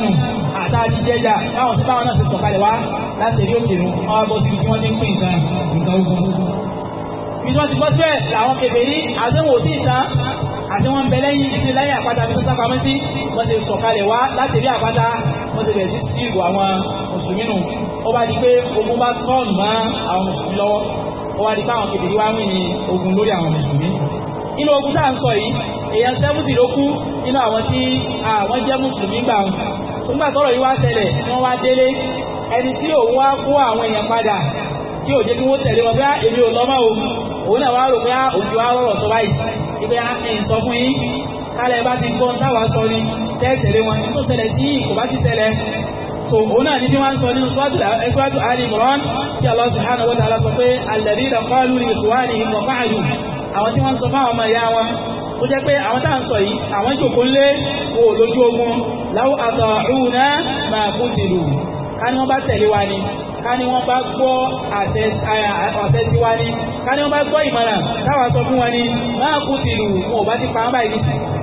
[SPEAKER 1] àtà àti jẹjà báwọn tí báwọn náà ti sọ̀kalẹ̀ wá láti èrí òkè nù wọn bọ́ sí ibi wọ́n ti pín nǹkan nǹkan ogun. ibi wọ́n ti gbọ́ síbẹ̀ làwọn kèfèrí àtẹ̀wò sí ìtàn ó bá di pé ogun bá tọ́ọ̀nù mọ́ àwọn mùsùlùmí lọ́wọ́ ó wá di pé àwọn kèdèrí wá wìn ní ogun lórí àwọn mùsùlùmí inú ogun tá à ń sọ yìí èèyàn sẹ́mùtì ló kú nínú àwọn tí àwọn jẹ́ mùsùlùmí gbà wọn nígbà tọ́rọ̀ yìí wá ṣẹlẹ̀ wọ́n wá délé ẹni tí òun wá kó àwọn èèyàn padà tí ò kí wọ́n tẹ̀lé wọn bí ah, èmi ò lọ́mọ́ o òun náà wá rò pé ah, òjò wá rọ̀rọ̀ sọ báyìí ìgbé ah, ẹ̀yìn sọ fún yín kálẹ̀ bá ti gbọ́n táwa sọ ni tẹ́ wọn tó ṣẹlẹ̀ tí kò bá ti ṣẹlẹ̀ so òun náà ní tí wọ́n ń sọ nínú sọ́ọ̀tù eh, Ali Imran tí Allah subhanahu wa ta'ala sọ pé alladhina qalu li ikhwanihim wa fa'alu àwọn tí wọ́n ń sọ fáwọn ọmọ ìyá wọn tó jẹ́ pé àwọn táà ń sọ yìí àwọn jòkó ńlé wo lójú ogun law ata'una ma qutilu ká ní wọ́n bá tẹ̀lé wa ni ká ní wọ́n bá gbọ́ àtẹ tí wa ni ká ní wọ́n bá gbọ́ ìmọ̀ràn táwọn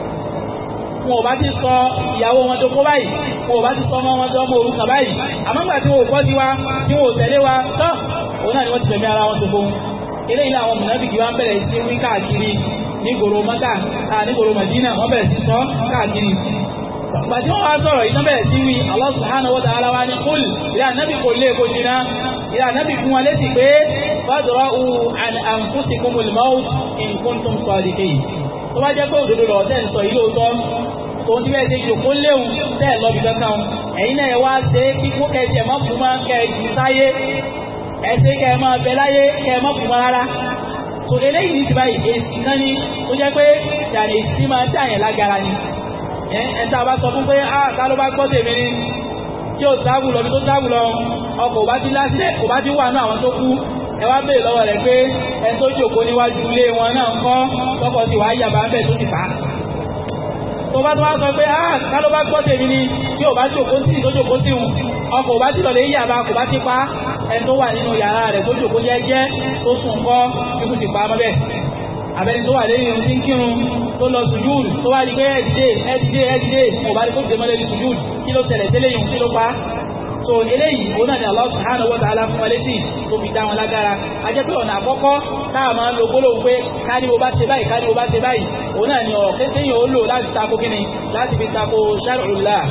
[SPEAKER 1] wọn ò bá ti sọ ìyàwó wọn tó kó báyìí wọn ò bá ti sọ ọmọ wọn tó ọmọ òrukàn báyìí àmọ́ nígbà tí wọn ò kọ́ sí wa tí wọn ò tẹ̀lé wa tọ́ òun náà ni wọ́n ti tẹ̀mí ara wọn tó fún eléyìí làwọn mùnàfíkì wa ń bẹ̀rẹ̀ sí wí káàkiri nígboro mọ́tà nígboro màdínà wọ́n bẹ̀rẹ̀ sí sọ káàkiri gbàtí wọ́n wá sọ̀rọ̀ iná bẹ̀rẹ̀ sí wí Allah subhanahu wa tó bá jẹ́ pé òdodo lọ tẹ́ ń sọ ilé òótọ́ tòun ti bẹ́ẹ̀ ṣe jòkó léwu tẹ́ ẹ̀ lọ́bi kankan ẹ̀yin náà ẹ wá ṣe é kí kó kẹjẹ mọ́ fún máa ń kẹ jù sáyé ẹ ṣe kẹ ẹ máa bẹ láyé kẹ ẹ mọ́ fún máa rárá tò eléyìí ti báyìí èsì náà ni tó jẹ́ pé ìyàrá èsì máa ń tẹ àyàn lágara ni ẹ ẹ tá a bá sọ fún pé a ta ló bá gbọ́ tèmi ni tí ò tábù lọ bí tó tábù lọ ọkọ̀ ò ti lásìlẹ̀ ẹ wá béèrè lọ́wọ́ rẹ̀ pé ẹ tó jòkó níwájú ilé wọn náà ń kọ́ tọkọ sí wàá yàbá ń bẹ̀ tó ti fà tó bá tó wá sọ pé ah ká ló bá gbọ́ tèmi ni tí ò bá jòkó sí tó jòkó sí òun ọkọ̀ ò bá ti lọ̀lẹ́ yàbá kò bá ti pa ẹ tó wà nínú yàrá rẹ̀ tó jòkó jẹ́jẹ́ tó sùn kọ́ ikú ti pa mọ́ bẹ́ẹ̀ àbẹ́ni tó wà lẹ́yìn ohun tí ń kírun tó lọ tó fi dá wọn lágara a jẹ́ pé ọ̀nà àkọ́kọ́ táà máa ń lo gbólóhùn pé ká ní mo bá ṣe báyìí ká ní mo bá ṣe báyìí òun náà ni ọ̀rọ̀ kéṣe yìí ó lò láti tako kíni láti fi tako shar'ullah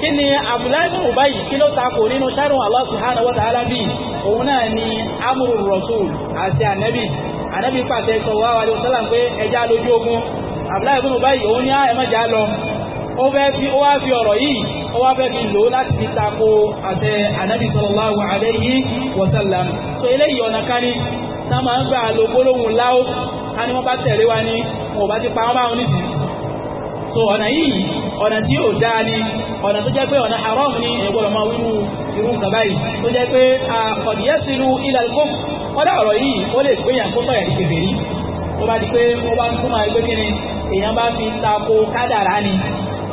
[SPEAKER 1] kí ni Abdullahi bin Ubay kí ló tako nínú shar'u Allah subhanahu wa ta'ala bíi òun náà ni amúrù rasul àti ànábì ànábì pàṣẹ sallallahu alaihi wasallam pé ẹja lójú ogun Abdullahi bin Ubay òun ní ẹ̀mọ́jà lọ ó wá fẹ́ fi lò láti fi tako àtẹ ànábì sallallahu alayhi wa sallam so eléyìí ọ̀nà kan ní tá a máa ń gbà lo gbólóhùn láó ká ní wọ́n bá tẹ̀lé wa ní wọn ò bá ti pa wọ́n báwọn nìsí so ọ̀nà yìí ọ̀nà tí yóò dáa ni ọ̀nà tó jẹ́ pé ọ̀nà haram ni ẹ̀gbọ́dọ̀ máa wíru irú nǹkan báyìí tó jẹ́ pé àkọ̀díyẹ́sìlú ilẹ̀ kókò kọ́dá ọ̀rọ̀ yìí ó lè pé èèyàn kókò ẹ̀rí kèfèrí tó bá di pé ó bá ń túmọ̀ ẹgbẹ́ kí ni èèyàn bá fi tako kádàrá ni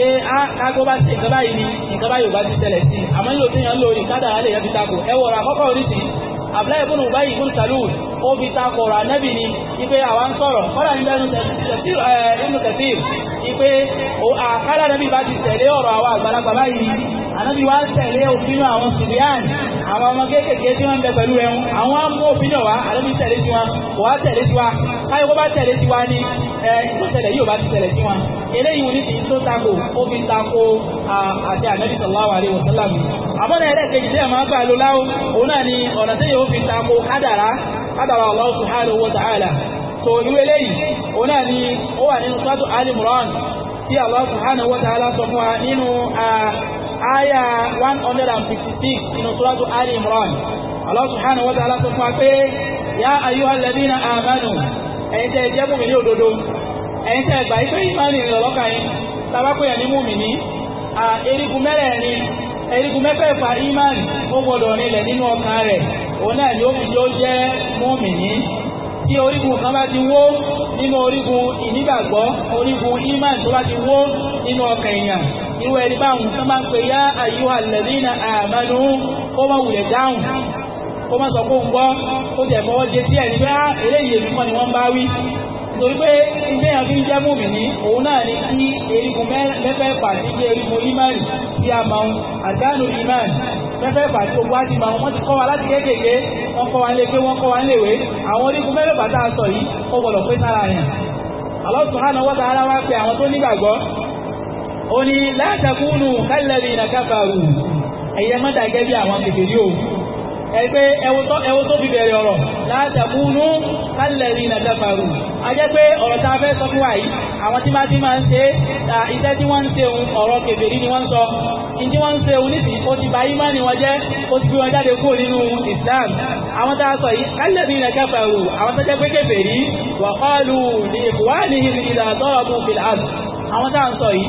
[SPEAKER 1] ee a bá ṣe ni ìkọ́bá yóò ti tẹ̀lẹ̀ sí i nílò tí yàn ń lo ìkádà yẹn fi takò ẹ wọ̀rọ̀ àkọ́kọ́ oríṣi Abdullahi ibn Ubay ibn Salul ó fi takò ọ̀rọ̀ anẹ́bì ni ipe àwa ń sọ̀rọ̀ kọ́dà nígbà inú tẹ̀síìr ipe àkádà anẹ́bì bá ti tẹ̀lé ọrọ àwa àgbàlagbà báyìí òfin àwọn àwọn ọmọ kéékèèké tí ń bẹ àwọn òfin náà tiwa tiwa káyọ̀ ìtúsẹ̀lẹ̀ yóò bá ti ṣẹlẹ̀ sí wọn eléyìí wọn ní ti tó tako ó fi tako àti ànábì sallallahu alaihi wasallam àbọ̀dà ẹlẹ́ẹ̀kejì tí a máa gbà ló láwó òun náà ni ọ̀nà tí yóò fi tako kádàrá kádàrá Allah subhanahu wa ta'ala tó irú eléyìí òun náà ni ó wà nínú sátú Al-Imran tí Allah subhanahu wa ta'ala sọ fún wa nínú àyà 156 nínú sátú Al-Imran Allah subhanahu wa ta'ala sọ fún wa pé yá ayyuhal ladina amanu ẹ̀yin tẹ́ ẹ jẹ́ mùmí ní òdodo ẹ̀yin tẹ́ ẹ gbà ife ìmánì rẹ̀ lọ́kàn yín tabako yẹn ní mùmí ní erigun mẹ́rẹ̀ẹ̀rin erigun mẹ́fẹ̀ẹ̀fà ìmánì ó gbọdọ̀ nílẹ̀ nínú ọkàn rẹ̀ òun náà ni ó fi yóò jẹ́ mùmí ní tí orígun kan bá ti wó nínú orígun ìnígbàgbọ́ orígun ìmánì tó bá ti wó nínú ọkàn èèyàn irú ẹni báwọn kan bá ń pè yá àyíwá lẹ́dínà àmánú ó mọ̀ wùlẹ̀ kó má sọ kó ń gbọ́ ó ti ẹ̀fọ́ jẹ sí ẹ̀rí pé á ah, eléyìí èmi kọ́ ni wọ́n bá wí nítorí pé ilé yẹn fi ń jẹ́ mùmí ní òun náà ní kí erigun mẹ́fẹ̀ẹ̀fà ní kí erigun imán tí a máa ń àdánù imán mẹ́fẹ̀ẹ̀fà tí gbogbo á ti máa wọ́n ti kọ́ wa láti kéékèèké wọ́n kọ́ wa ń léke wọ́n kọ́ wa ń léwé àwọn onígun mẹ́fẹ̀ẹ̀fà tá a sọ yìí ó gbọ́dọ̀ pé sára rẹ̀ Allah subhanahu wa ta'ala wá pé àwọn tó nígbàgbọ́ ó ní la takunu kalladhina kafaru ẹ̀yẹ mọ́tàgẹ́ bí àwọn kékeré òun ẹgbẹ́ ẹwọ tó fi bẹ̀rẹ̀ ọ̀rọ̀ látàkùnú kálẹ̀rí na dáfàrù a jẹ́ pé ọ̀rọ̀ tá a fẹ́ sọ fún wa yìí àwọn tí máa ti máa ń ṣe iṣẹ́ tí wọ́n ń ṣe ohun ọ̀rọ̀ kèfèrí ni wọ́n ń sọ ìdí wọ́n ń ṣe ohun nìsí ó ti bà ìmánì wọn jẹ́ ó ti fi wọn jáde kúrò nínú Islam àwọn tá a sọ yìí kálẹ̀rí na dáfàrù àwọn tó jẹ́ pé kèfèrí wà kọ́ọ̀lù ní ìfúwá ní ìlà tọ́rọ̀ àwọn tá à ń sọ yìí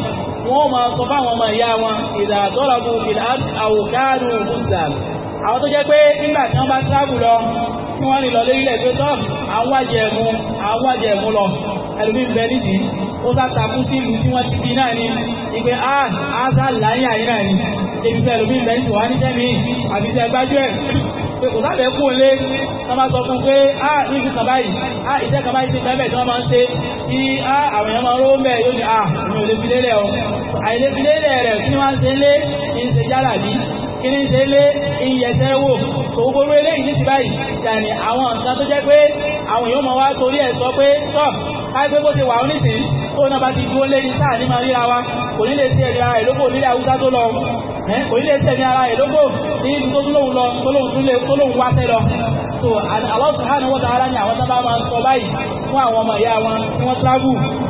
[SPEAKER 1] wọ́n máa sọ fáwọn ọmọ ìyá wọn ìdàtọ́rọ̀ fún fìlà àwòkáàdùn fún ìsàlù àwọn tó jẹ́ pé nígbà tí wọ́n bá travel lọ tí wọ́n rìn lọ lórílẹ̀ tó tọ́ àwọn wájẹ̀ ẹ̀mú àwọn wájẹ̀ ẹ̀mú lọ ẹlòmíín bẹ nídìí ó sá takú sí ìlú tí wọ́n ti bí náà ni ìpè á á sá láyé àyè náà ni ebi fẹ́ ẹlòmíín bẹ nídìí wá ní sẹ́mi àbí sẹ́ gbájú ẹ̀ pé kò sáfẹ́ kú olé wọ́n máa sọ fún pé á ní ìfi kàn báyìí á ìṣe kàn báyìí ti bẹ́ẹ̀ tí wọ́n máa ń ṣe kí á àwọn èèyàn máa ń rówó mẹ́ẹ̀ yóò ní à mi ò lè fi lélẹ̀ o àìlè fi lélẹ̀ rẹ̀ kí wọ́n á ṣe lé ní ìṣe kíní ṣe lé iyẹ̀sẹ̀ wò tó gbogbo eléyìí ti báyìí yàní àwọn nǹkan tó jẹ́ pé àwọn èèyàn wá torí ẹ̀ sọ pé tọ́ bó ti wà ó náà bá ti dúró wa kò ní lè ara tó lọ kò ní lè ṣe ara ní ibi tó tún lòun lọ tó lòun tún lè tó lòun wá ni àwọn sábà máa sọ báyìí fún àwọn ọmọ ìyá wọn tí wọ́n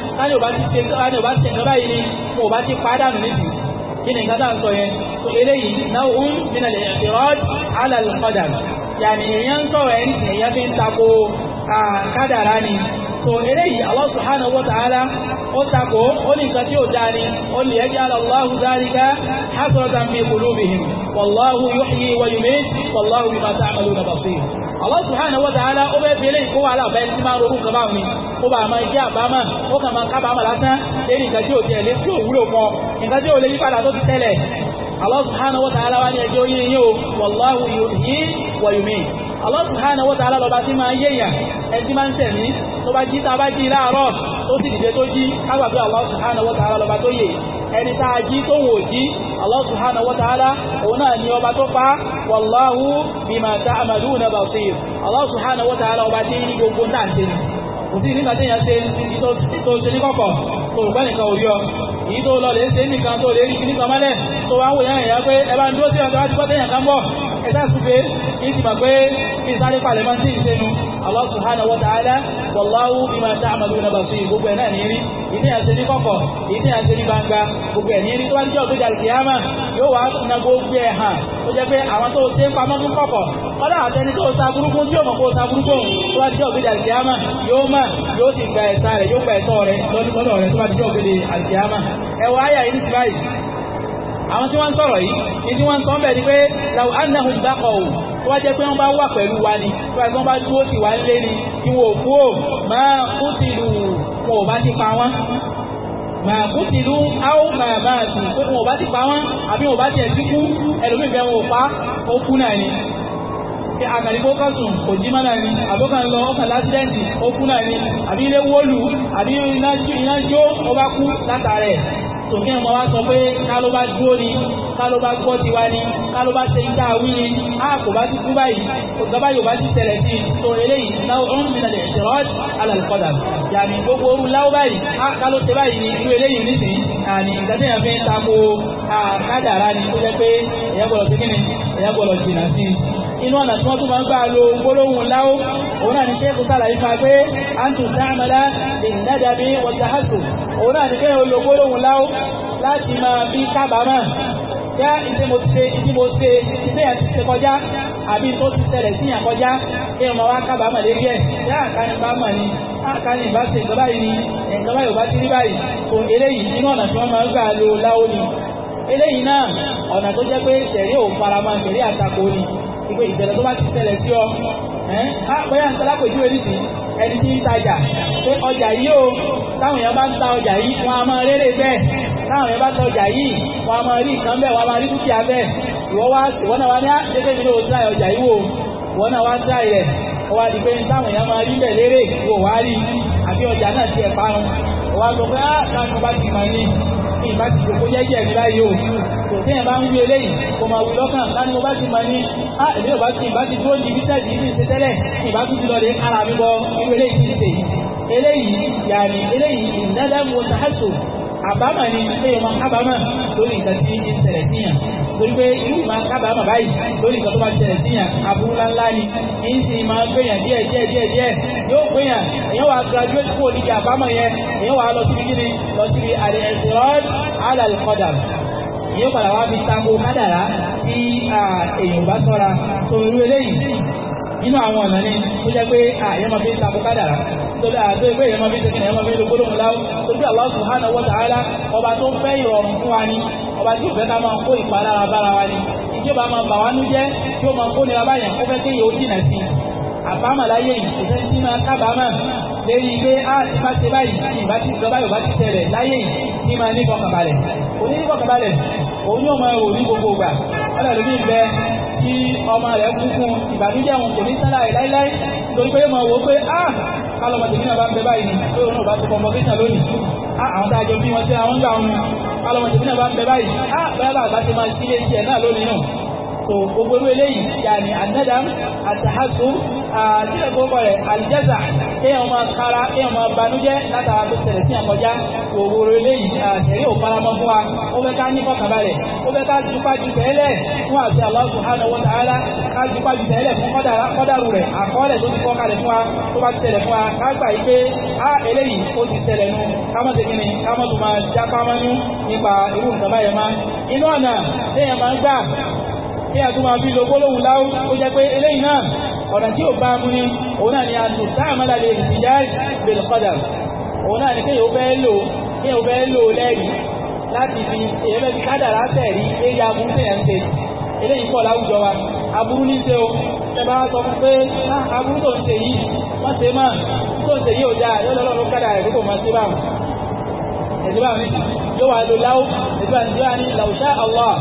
[SPEAKER 1] tani ọba ti ṣe tani ọba ti ẹ̀nà báyìí ni mo ọba ti pàdánù níbi kí ni nǹkan tá à ń sọ yẹn tó eléyìí náà ó ń bínà lè rọ́d alàlùkọ́dà yàní èèyàn ń sọ̀rọ̀ ẹni tí èèyàn fi ń tako kádàrá ni tó eléyìí Allah subhanahu wa ta'ala ó tako ó ní nǹkan tí ó dáa ni ó lè ẹjẹ́ aláwọ̀ dhalika hasratan fi qulubihim wallahu yuhyi wa yumit wallahu bima ta'maluna basir Allah subhanahu wa ta'ala ó bẹ́ẹ̀ fi eléyìí kó wà láàbẹ̀ tí máa ronú kaba mi kó bá máa jẹ́ àbámà ó kàn máa kábàámà lásán lérí nǹkan tí ò tiẹ̀ lé tí ò wúlò fún ọ nǹkan tí ò lè yípadà tó ti tẹ́lẹ̀ Allah subhanahu wa ta'ala wá ní ẹjọ́ yín yín o wallahu yuhyi wa yumiit Allah subhanahu wa ta'ala lọ́ba tí máa yéèyàn ẹtí máa ń tẹ̀mí tó bá jí tá bá jí láàárọ̀ tó sì dìde tó jí kágbà pé Allah subhanahu wa ta'ala lọ́ba tó yè ẹni tá a jí tó wò jí Allah subhanahu wa ta'ala òun náà ni ọba tó pa wallahu bima ta'maluna basir Allah subhanahu wa ta'ala ọba tí ní gbogbo náà ṣe ni kò nígbà tí èèyàn ṣe tó ní kọ̀kọ̀ tó rò pẹ́ nìkan tó lọ lè ṣe nìkan tó lè rí kí mọ́lẹ̀ tó wá ń wò yẹn yẹn pé ẹ ń dúró sí ọ̀dọ̀ wá ti gbọ́ tẹ̀yàn kan bọ̀ ẹ sá pé kí ti mọ̀ pé kí sáré palẹ̀ máa ń tì í sẹ́nu Allah subhanahu wa ta'ala wallahu bima gbogbo ẹ̀ náà rí ìdí àti ní kọ̀kọ̀ ìdí àti ní gbangba gbogbo ẹ̀ rí tó bá ń jẹ́ na gbogbo ẹ̀ hàn jẹ́ pé àwọn tó ṣe ń pamọ́ fún kọ̀kọ̀ àtẹni tó sa burúkú tí yóò mọ̀ kó sa burúkú tó bá jẹ́ yóò mà yóò àwọn tí wọ́n ń sọ̀rọ̀ yìí ní tí wọ́n ń sọ bẹ́ẹ̀ ni pé làwọn anahun dákọ̀ ò tó wá jẹ́ pé wọ́n bá wà pẹ̀lú wa ni tó wá jẹ́ pé wọ́n bá dúró sí wa ń lé ni kí wọ́n ò kú ò máa kú sí ìlú wọn ò bá ti pa wọ́n màá kú ti lú áó màá máa tù pé wọn ò bá ti pa wọn àbí wọn ò bá tiẹ̀ ti kú ẹlòmíì bẹ́ẹ̀ wọn ò pa ó kú náà ni ṣe àgàdìgbò kan sùn kò jí máa ní àbókan lọ ọkàn lásìdẹ́ǹtì ó kú náà ni àbí ilé wọ́ọ̀lù àbí iná jó ó kú tòkí ọmọ wa sọ pé ká ló bá dúró ni ká ló bá gbọ́ tiwa ni ká ló bá ṣe ń dáa wí ni á kò bá ti kú báyìí òtítọ́ báyìí ò bá ti tẹ̀lẹ̀ sí i tó eléyìí láwọn ọ̀hún mi nàlẹ̀ ṣẹ̀rọ̀ alàlùkọ́dà yàrá gbogbo orú láwọ́ báyìí á ká ló ṣe báyìí ni irú eléyìí nísìnyí àní ìgbàdéyàn fi ń tako àkádàrá ni tó jẹ́ pé ẹ̀yà gbọ́dọ̀ ṣe kíni ẹ̀yà gbọ́dọ̀ jìnnà sí i inú ọ̀nà tí wọ́n tún máa ń gbà lo gbólóhùn láwó òun náà ni ṣé kò sàlàyé fún wa pé à ń tún sáàmàlà ìnádàbí wọ́n ti hàṣù òun náà ní kẹ́ ó lo gbólóhùn láwó láti máa bí kábàámà yá ìdí mo ṣe ìdí mo ṣe ìdí yẹn ti ṣe kọjá àbí tó ti ṣẹlẹ̀ sí yàn kọjá kí ọmọ wa kábàámà lérí ẹ̀ yá àkàní bá mọ̀ ni àkàní bá ṣe ìjọba yìí ni ìjọba yóò bá ti rí báyìí kò eléyìí nínú ọ̀nà tí wọ́n máa ń gbà lo láwó ni eléyìí náà ọ̀nà tó jẹ́ pé tẹ̀rí òun faramọ́ tẹ̀rí àtakò ni ìpè ìṣẹ̀lẹ̀ tó bá ti ṣẹlẹ̀ sí ọ ẹ́ bóyá ń tẹ́lá pèjú ẹni tí ń tajà pé ọjà yìí o táwọn èèyàn bá ń ta ọjà yìí wọn a máa rere bẹ́ẹ̀ táwọn èèyàn bá ta ọjà yìí wọn a máa rí nǹkan bẹ́ẹ̀ wọn a máa rí dúkìá bẹ́ẹ̀ ìwọ wá ìwọ náà wá ní àtẹ́tẹ́ mi ló ń tàì ọjà yìí wò ìwọ náà wá tàì rẹ̀ ọwọ́ àti pé táwọn èèyàn máa rí bẹ́ẹ̀ lérè wò wá rí àbí ọjà náà ti ẹ̀ parun ọwọ́ àgbọ̀ pé á táwọn bá ti mọ̀ ní ìbá ti jòkó jẹ́jẹ́ mi báyìí o kò sí ẹ̀ bá ń wí eléyìí kò máa wù lọ́kàn láti mo bá ti mọ ní á ah, èmi ò bá ti ìbá ti dúró di bísẹ̀ di ní ìṣe tẹ́lẹ̀ ìbá tún ti lọ lè ara mi bọ irú eléyìí ti ṣe eléyìí yàní eléyìí ìdádá mo sàásù àbámà ni ṣé o lórí ìtàkì ìṣẹ̀lẹ̀ torí pé irú máa kábàámà báyìí lórí nǹkan tó bá ṣẹlẹ̀ síyàn aburú ńláńlá ni èyí sì máa gbéyàn díẹ̀ díẹ̀ díẹ̀ díẹ̀ yóò gbéyàn èyàn wà graduate kúrò níbi àbámọ̀ yẹn èyàn wà lọ síbi gidi lọ síbi àdìrẹ́sìrọ́d alàlùkọ́dà èyàn padà wá fi tako kádàrá tí èyàn bá sọ́ra tó irú eléyìí nínú àwọn ọ̀nà ni tó jẹ́ pé àyẹ́ máa fi ń tako kádàrá torí àti ẹgbẹ́ ìyẹn máa fi ń tẹ̀sán ìyẹn máa fi ń lo gbólóhùn láwù torí Allah subhanahu wa ta'ala ọba tó fẹ́ ìrọ̀rùn fún wa ni ọba tí ó fẹ́ ká máa kó ìpalára bára wa ni ìjọba máa bà wá nú jẹ́ tí ó máa kó nira báyẹn ó fẹ́ kí yòó jìnà sí i àbámà láyé yìí kò fẹ́ sí máa kábàámà lérí pé ah, á ti bá ṣe báyìí ìbá ti ìjọba yóò bá ti tẹ̀lẹ̀ láyé yìí ní máa ní kọkànbalẹ̀ òní ní kọkànbalẹ̀ òun yóò máa rò gbogbo ìgbà wọ́n dàbí bí bẹ́ẹ̀ kí ọmọ rẹ̀ kúkú ìbànújẹ́ òun kò ní sálà rẹ̀ láíláí nítorí pé yóò máa wò pé á ah, kálọ̀bà tèmi náà bá ń bẹ báyìí ni tó náà bá ti compensation lónìí ah, àwọn tá a jọ bí wọn sí àwọn gbà wọn kálọ̀bà tèmi so gbogbo ewé eléyìí yàní anadam atahasu àtìlẹ̀ gbogbo rẹ̀ alijẹ́sà kéèyàn máa kára kéèyàn máa banújẹ́ látara tó tẹ̀lẹ̀ sí àkọjá òwòrò eléyìí àtẹ̀lé òfaramọ́ fún wa ó fẹ́ ká ní fọkànbalẹ̀ ó fẹ́ ká jupa ju tẹ́lẹ̀ fún àti Allah subhanahu wa ta'ala ká jupa ju tẹ́lẹ̀ fún kọ́dàrú rẹ̀ àkọọ́lẹ̀ tó ti kọ́ kalẹ̀ fún wa tó bá ti tẹ̀lẹ̀ fún wa ká gbà yí pé á eléyìí ó ti tẹ̀lẹ̀ nu kámọ́ ti kíni kámọ́ tó máa jápá mọ́nú nípa irú nǹkan báyẹn má inú ọ̀nà téèyàn máa ń gbà kí a tún máa fi lo gbólóhùn láwù ó jẹ́ pé eléyìí náà ọ̀nà tí ò bá mú ni òun náà ni a lò táàmọ́lá lè rí ìyá bèlùkọ́dà òun náà ni kéèyàn fẹ́ lò kéèyàn fẹ́ lò lẹ́rìí láti fi èyàn fẹ́ fi kádàrá tẹ̀rí eré aburú tẹ̀yàn ṣe eléyìí pọ̀ láwùjọ wa aburú ní ṣe o ṣẹba sọ fún pé aburú tó ń ṣe yìí wọ́n ṣe máa tó ń ṣe yìí ò dáa lọ́lọ́lọ́ ló kádàrá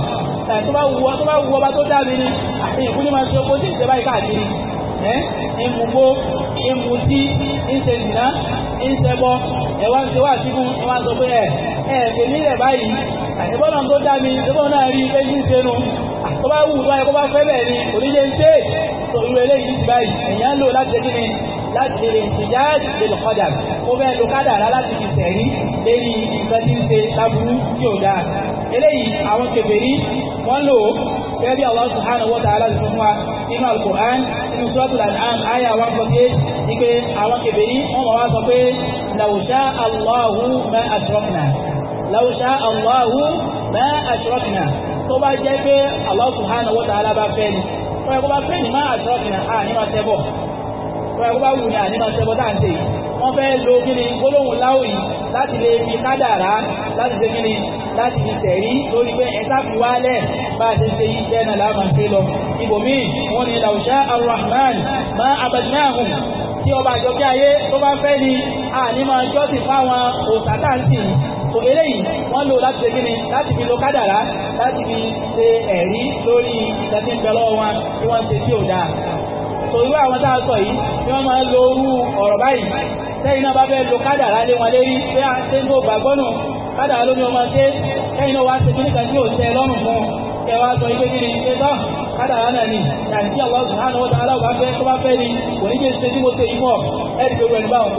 [SPEAKER 1] rẹ̀ tó bá wù ọ tó bá wù ọba tó dábì ni àti ní máa ṣe oko tí ìṣe báyìí káàkiri ẹ ìmùgbó ìmùtí ìṣe ìdìná ìṣẹbọ ẹwà ṣe wà síkú ẹ wá ń pé ẹ ẹ tèmi rẹ báyìí àtibọ́nà tó dábì ìṣẹ́bọ̀ náà rí pé ní ṣe nu tó wù tó bá kó bá fẹ́ bẹ́ẹ̀ ni oníjẹ́ ń ṣe ìṣòro eléyìí báyìí èèyàn ń lò láti ṣe kí ni láti lè ìjáàjì lè kọjá ó bẹ́ẹ̀ lo kádàrá láti fi tẹ̀rí lérí nǹkan tí ń ṣe láburú tí ò dáa eléyìí àwọn kèfèrí wọ́n lò ó gẹ́gẹ́ bí Allah subhanahu wa ta'ala ti fún wa nínú al-Qur'an nínú suratul an'am aya one forty eight ni pé àwọn kèfèrí wọ́n mọ̀ wá sọ pé law sha'a Allahu ma ashrakna law sha'a Allahu tó bá jẹ́ pé Allah subhanahu wa ta'ala bá fẹ́ ni wọ́n yẹ kó bá fẹ́ ni ma ashrakna à ní ma tẹ́ bọ̀ ọ̀rọ̀ ẹ̀kọ́ bá wù ní àníma ṣẹbọ tá à ń ṣe yìí wọ́n fẹ́ lo kíni gbólóhùn láwù yìí láti lè fi kádàrá láti ṣe kíni láti fi tẹ̀rí lórí pé ẹ̀ta fi wálẹ̀ bá a ṣe ṣe yìí jẹ́ náà láàmà ṣe lọ ibòmíì wọ́n ní làwùṣá arrahman má abadnáhùn tí ọba àjọkí ayé tó bá fẹ́ ni àníma jọ́sìn fáwọn òṣàtàǹtì so eléyìí lo kádàrá láti fi ṣe ẹ̀rí lórí ìtẹ́sí ìjọlọ́wọ́ wọn tí wọ́n ṣe tí ò dáa sọ àwọn tá a sọ yìí ni wọ́n máa lo orú ọ̀rọ̀ báyìí sẹ́yìn náà bá fẹ́ lo kádàrá lálé wọn lérí pé à ṣe ń bò gbàgbọ́nù kádàrá ní ọmọ ṣe náà wá ṣe tí ò lọ́rùn wá sọ kiri ṣe tán ni ní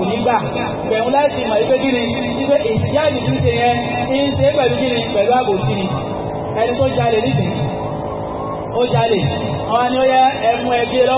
[SPEAKER 1] ní gbà pẹ̀lú láti mọ̀ kiri ṣe yẹn ní ṣe pẹ̀lú kiri pẹ̀lú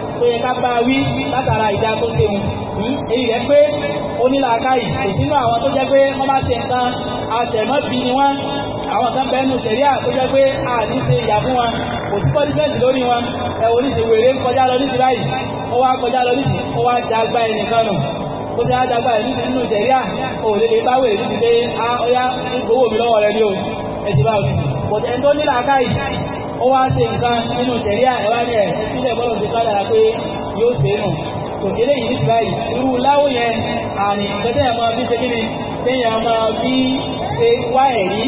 [SPEAKER 1] tó yẹ ká bá wí látara ìdá tó ṣe mu hmm? èyí rẹ̀ pé onílàákàyè ìsínú àwọn tó jẹ́ pé wọ́n bá ṣe nǹkan àtẹ̀mọ́bí ni wọ́n àwọn kan bẹ́ẹ̀nu sẹ̀ríà tó jẹ́ pé a ní ṣe ìyà fún wọn kò sí pọ́lífẹ́ǹtì lórí wọn ẹ̀wọ̀n oníṣe wèrè ń kọjá lọ níṣẹ́ báyìí ó wá kọjá lọ níṣẹ́ ó wá já gbá ẹnìkan nù ó ti ádágbà ẹ̀ nínú ìjẹ̀ríà òòlè lè bá wèrè níbi pé ah, ó yá owó mi lọ́wọ́ rẹ ní o ẹ̀sìn báyìí kò tẹ̀ ń tó ó wá ṣe nǹkan nínú ṣẹ̀ríà ẹ̀wá ní ẹ̀ sílẹ̀ bọ́lọ̀ ti kádàrá pé yóò ṣe nù tó eléyìí ní báyìí irú láwò yẹn àní tẹ́tẹ́ ẹ̀ máa fi ṣe kíni téèyàn máa fi ṣe wá ẹ̀rí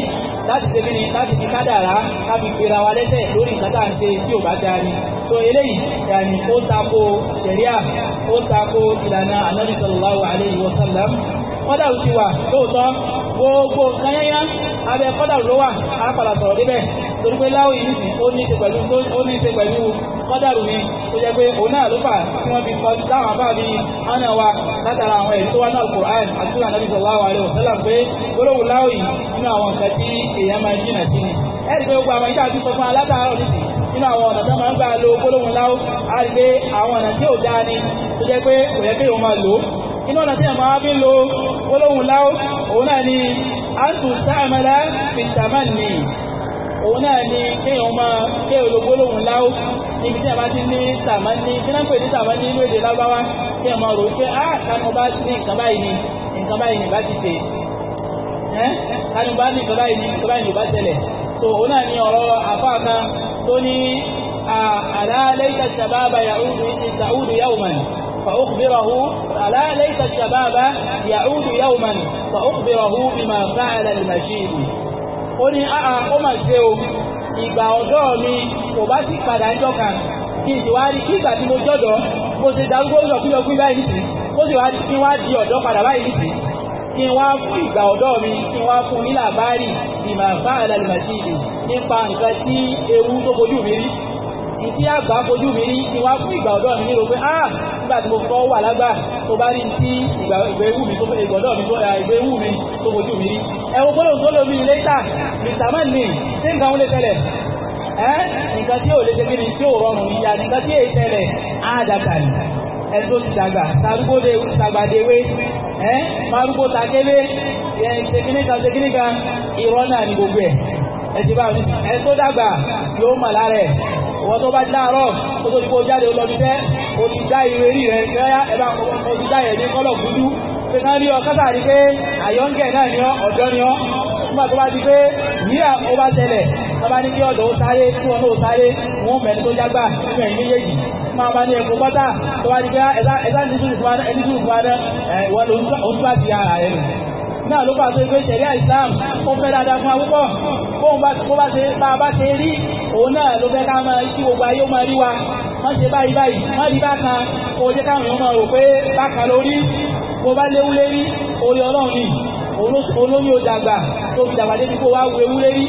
[SPEAKER 1] láti ṣe kíni láti fi kádàrá láti gbéra wa lẹ́sẹ̀ lórí nǹkan tá à ń ṣe tí ò bá dáa ni tó eléyìí yàní ó tako ṣẹ̀ríà ó tako ìlànà Ànábì sallallahu alaihi wasallam kọ́dà òsì wà lóòótọ́ gbogbo nǹkan yẹn yá abẹ kọ́dà ló wà á padà sọ̀rọ̀ débẹ̀ torí pé láwù yìí nìsín ó ní ṣe pẹ̀lú ó ní ṣe pẹ̀lú kọ́dàrú mi tó jẹ́ pé òun náà ló fà tí wọ́n fi kọ́ láwọn àbá mi hánà wa látara àwọn ẹ̀rí tó wá náà Qur'an àti sura Nabi sallallahu alaihi wasallam pé gbólóhùn láwù yìí nínú àwọn nǹkan tí èèyàn máa jìnà sí ni ẹ̀rí pé gbogbo àwọn iṣẹ́ àti sọ fún alátàárọ̀ nìsín nínú àwọn ọ̀nà tó máa ń gbà lo gbólóhùn láwù á rí pé àwọn ọ̀nà tí ò dáa ni tó jẹ́ pé kò yẹ kéèyàn máa lò ó inú ọ̀nà tí a máa bí lo gbólóhùn láwù òun náà ni a ń tún sáàmẹ́lá fìtàmánì òun náà ni kéèyàn máa kéèyàn ológbólóhùn láwó níbi tí a bá ti ní tàmánì kí náà pè ní inú èdè lábáwá kí ẹ rò pé á ah, kánú bá ní nǹkan báyìí ni nǹkan báyìí ni bá ti tè ẹ́ kánú bá ní nǹkan báyìí ni nǹkan báyìí ni bá tẹ̀lẹ̀ tó òun náà ni ọ̀rọ̀ àfáà kan tó ní فأخبره ألا ليس الشباب يعود يوما فأخبره بما فعل المجيد ó ní àà ó mà ṣe o ìgbà ọ̀dọ́ mi kò bá sì padà ń jọ́ka kí ìwádìí kí ìgbà tí mo jọ́dọ̀ mo ṣe darúgbó yọkúyọkú báyìí nìsín ó sì wá kí wá di ọ̀dọ́ padà báyìí nìsín kí wá fún ìgbà ọ̀dọ́ mi kí wá fún nílà báárì ìmàfáà lálùmàṣí ìdè nípa nǹkan tí ewu tó bojú mi rí ìdí àgbà fojú mi rí ni wá fún ìgbà ọ̀dọ́ mi nílò pé ah nígbà tí mo kọ́ wà lágbà tó bá rí tí ìgbà ìwú mi tó ìgbà ọ̀dọ́ mi tó ah, ìgbà ìwú mi tó fojú mi rí ẹ wo gbọ́dọ̀ tó lómi lẹ́tà mr man ní ṣé nǹkan ó lè tẹ́lẹ̀ ẹ́ nǹkan tí ò lè ṣe kíni tí ò rọrùn yíya nǹkan tí èyí tẹ́lẹ̀ á dàgbà ní ẹ tó ti dàgbà tarúgbó de tàgbàdéwé ẹ marúgbó takébé ẹ ṣèkíníkan ṣèkíníkan ìrọ́ náà ní gbogbo ẹ̀ ẹ ti bá mi ẹ tó dàgbà yóò mọ̀ lára ẹ̀ ìwọ́n tó bá láàárọ̀ ó tó ti kó jáde lọ́dúnṣẹ́ ó ti dá ìwé rí rẹ̀ rẹ́yà ẹ̀bá ó ti dá ìrẹ̀ kọ́lọ̀ dúdú pé náà rí ọ rí pé àyọ́ǹgẹ̀ náà ni ọ ọ̀dọ́ ni ọ nígbà tó bá di pé yíyà ó bá tẹlẹ̀ tó bá ní kí ọ̀dọ́ ó sáré kí wọn ó sáré wọn mẹ́ni tó jágbà fún ẹ̀yìn méjèèjì máa bá ní ẹ̀kọ́ bọ́tà tó bá di pé ẹ̀dá ẹ̀dá ẹ̀dí náà ló bá tó gbé ṣẹ̀ríà Islam ó fẹ́ dáadáa fún akúkọ̀ bóun bá ṣe bá a bá ṣe rí òun náà ló fẹ́ ká máa kí gbogbo ayé ó máa rí wa wọ́n ṣe báyìí báyìí wọ́n rí bákan ó jẹ́ káwọn èèyàn máa rò pé bákan lórí bó bá léwu lérí orí ọlọ́run ni olómi ò dàgbà tó fi dàgbà débi kó wá wu ewu lérí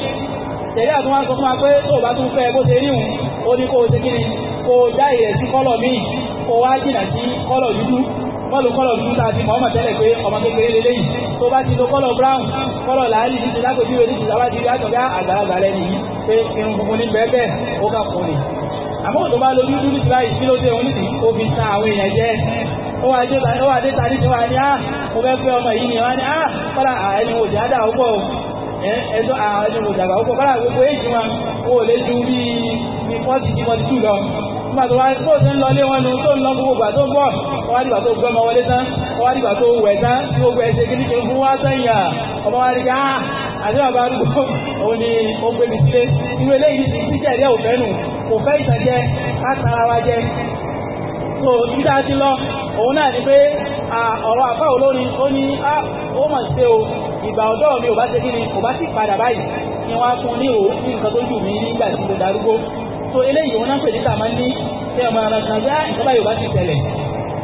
[SPEAKER 1] ṣẹ̀ríà tó wá sọ fún wa pé tó o bá tún fẹ́ bó ṣe rí òun ó ní kó o ṣe kí ni kó o dá ìrẹsì kọ́lọ̀ míì kó o wá jìnnà sí kọ́lọ̀ dúdú wọ́n lo kọ́lọ̀ dúdú tàbí mọ́mọ́ tẹ́lẹ̀ pé ọmọ kékeré lélẹ́yìn tó bá ti lo kọ́lọ̀ brown kọ́lọ̀ láàrín títí lágbèjúwe ní ìjìlá bá ti rí àtọ̀gá àgbàlagbà lẹ́nu yìí pé irun funfun ní bẹ́ẹ̀ ó kà fún ni. àmọ́ tó bá lo dúdú ní ìjìlá yìí ló dé òun nìdí ó fi tan àwọn èèyàn jẹ́ ó wà dé tani tí wà ní á ah, mo fẹ́ pé ọmọ yìí ni wà ní á ah, kọ́lá ẹni wò jẹ́ àdá ọgbọ́ ẹjọ́ ẹni wò jàgbà ọgbọ́ kọ́lá gbogbo èjì wọn wò lé ju bíi nígbà tó wá bó ṣe ń lọ lé wọn nu tó ń lọ gbogbo ìgbà tó ń bọ̀ ọwá dìgbà tó gbọ́mọ wọlé tán ọwá dìgbà tó wẹ̀ tán tí gbogbo ẹ̀ ṣe kíní kí fún wá sẹ́yìn ọmọ wa rí ká àti bàbá arúgbó òun ni ó gbé mi sílé irú eléyìí ti ti jẹ̀rí òfẹ́ nù kò fẹ́ ìtànjẹ ká tara wa jẹ so títà ti lọ òun náà ni pé ọ̀rọ̀ àfáà olórin ó ní ah, ó mọ̀ sí o ìgbà ọ̀dọ́ mi ò bá ṣe kí ni kò bá sì padà báyìí ni wọ́n á fún ní ìrò ní nǹkan tó jù mí nígbà tí mo darúgbó so eléyìí wọn náà ní tàmánì ọmọ ara kan bí ah, ìjọba yóò bá ti tẹ̀lẹ̀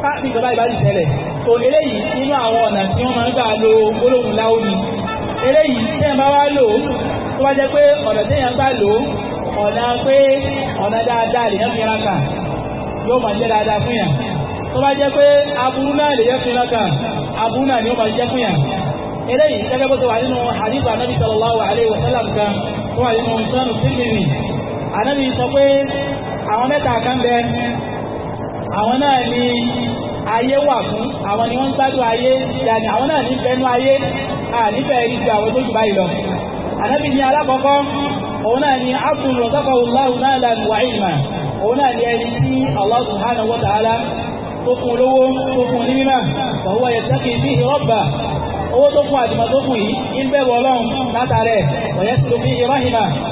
[SPEAKER 1] ká ìjọba yóò bá ti tẹ̀lẹ̀ so eléyìí nínú àwọn ọ̀nà tí wọ́n máa ń gbà lo gbólóhùn ni eléyìí tí ẹ̀ bá wá lò tó bá jẹ́ pé ọ̀nà tí èèyàn lò ọ̀nà pé ọ̀nà dáadáa lè yóò máa jẹ́ dáadáa fún yàn tó bá jẹ́ pé aburú náà lè ànábì sọ pé àwọn mẹ́ta kan bẹ àwọn náà ni ayé wà fún àwọn ni wọ́n ń gbádùn ayé yàní àwọn náà ní fẹ́nu ayé ànífẹ́ rí ju àwọn tó jù báyìí lọ ànábì ní alákọ̀ọ́kọ́ òun náà ni abdulrọ̀ sọ́kọ̀ọ́ láhùn náà lànà wà ìmà òun náà ni ẹni tí Allah tó fún olówó tó fún ní sí ìrọ́bà owó tó fún àdìmọ́ tó fún yìí ń bẹ̀rù ọlọ́run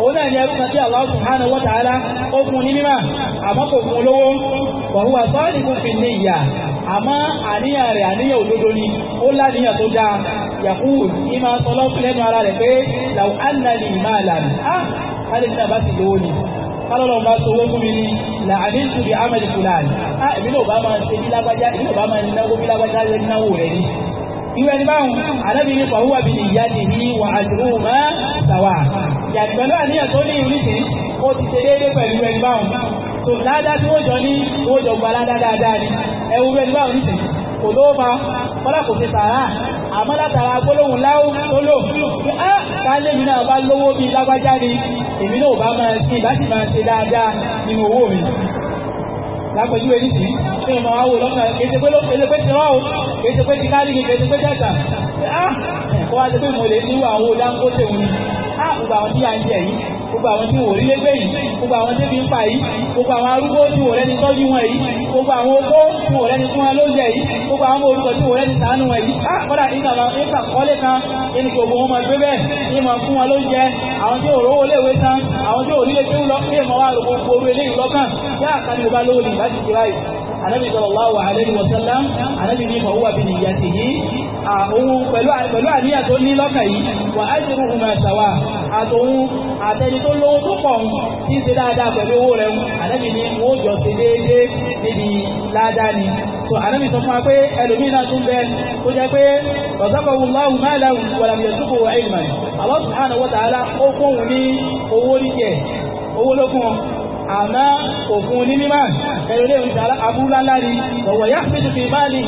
[SPEAKER 1] òun náà ni ẹrú kan tí Allah subhanahu wa ta'ala ó fún ní mímọ̀ àmọ́ kò fún lówó wa huwa sadiqun fi niyya àmọ́ àníyàn rẹ̀ àníyàn òdodo ni ó láníyàn tó dáa yaqul ní máa sọ lẹ́nu ara rẹ̀ pé law anna li malan á ah! kálí ní àbá ti lówó ni kálọ́lọ́ bá sọ owó fún mi ni là á ní ìtúbi amẹ́lì fúlàní á ah! èmi náà bá máa ṣe bí lágbájá èmi náà bá máa náwó bí lágbájá lè náwó rẹ̀ ni irú bí ìyá nìyí wà á sàwà pẹ̀lú àníyàn tó ní ìrìnsìn ó ti ṣe déédé pẹ̀lú ẹni báwọn tó dáadáa tí wọ́n jọ ní wọ́n jọ gba ládá dáadáa ni ẹ̀wù ẹni báwọn nìsín kò ló ma kọ́lá kò ṣe sàárà àmọ́ látara gbólóhùn láwù tó lò pé á kálé mi náà bá lówó bíi lágbájá ni èmi náà bá máa ṣe ìbá sì máa ṣe dáadáa nínú owó mi lápẹjúwe nìsín tí mo máa wò lọ́kàn kéṣe pé ti rán o kéṣe pé ti kárí mi kéṣe pé ti ẹ̀sà pé á kó wá ṣe pé mo lè níwò àwọn Dangote òun Ah, gbogbo àwọn tí à ń jẹ yìí gbogbo àwọn tí wò rí lẹ́gbẹ́ yìí gbogbo àwọn tí fi ń pa yìí gbogbo àwọn arúgbó tí wò rẹ́ni tọ́jú wọn yìí gbogbo àwọn opó tí wò rẹ́ni fún wọn lóúnjẹ yìí gbogbo àwọn olùkọ́ tí wò rẹ́ni ṣàánú wọn yìí á ah, kọ́dà nígbà wọn nígbà kọ́lé kan ẹni gbogbo wọn máa gbé bẹ́ẹ̀ ní máa fún wọn lóúnjẹ àwọn tí òró wọlé ìwé tán àwọn tí òrí lè tí ń lọ pé òun pẹ̀lú àníyàn tó ní lọ́kàn yìí wà á jẹ́rù ọmọ ẹ̀sàwà àtòun àtẹni tó lówó tó pọ̀ tí ń ṣe dáadáa pẹ̀lú owó rẹ̀ ànábì ni wọ́n jọ ṣe déédéé níbi ládàá ni so ànábì sọ fún wa pé ẹlòmíì náà tún bẹ tó jẹ́ pé ọ̀sọ́kọ̀wù láwù máa láwù wàlàmìyàn túbọ̀ wà ìlú màní Allah subhanahu wa ta'ala ó kóhùn ní owó níjẹ̀ owó lókun àmọ́ òfun ní mímọ́ ẹ̀rọ lè ń abúlá lárí ọ̀wọ̀ yá fi ti fi máa lè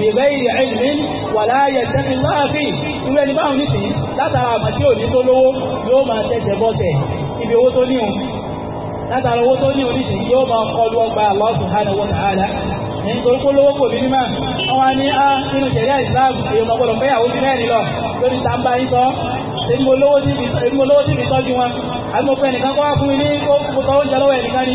[SPEAKER 1] bèbè ìrìn ẹ̀yìn wàlá yẹtẹ́ni láàfin irú ẹni báwọn nìsín látara àmọ́ tí ò ní tó lówó yóò máa tẹ̀sẹ̀ bọ́sẹ̀ ibi owó tó níhun látara owó tó níhun nìsín yóò máa kọlu ọgbà Allah subhanahu wa ta'ala nítorí kó lówó kò ní ní máa wọ́n wá ní á ah, nínú ìṣẹ̀lẹ̀ Islam èyí ọmọ gbọ́dọ̀ fẹ́yàwó ti mẹ́rin lọ lórí tàǹbà yín sọ èyí mo lówó tí mi tọ́jú wọn àti mo fẹ́ nìkan kọ́ wá fún mi ní kó kó tọ́ oúnjẹ lọ́wọ́ ẹnìkan ni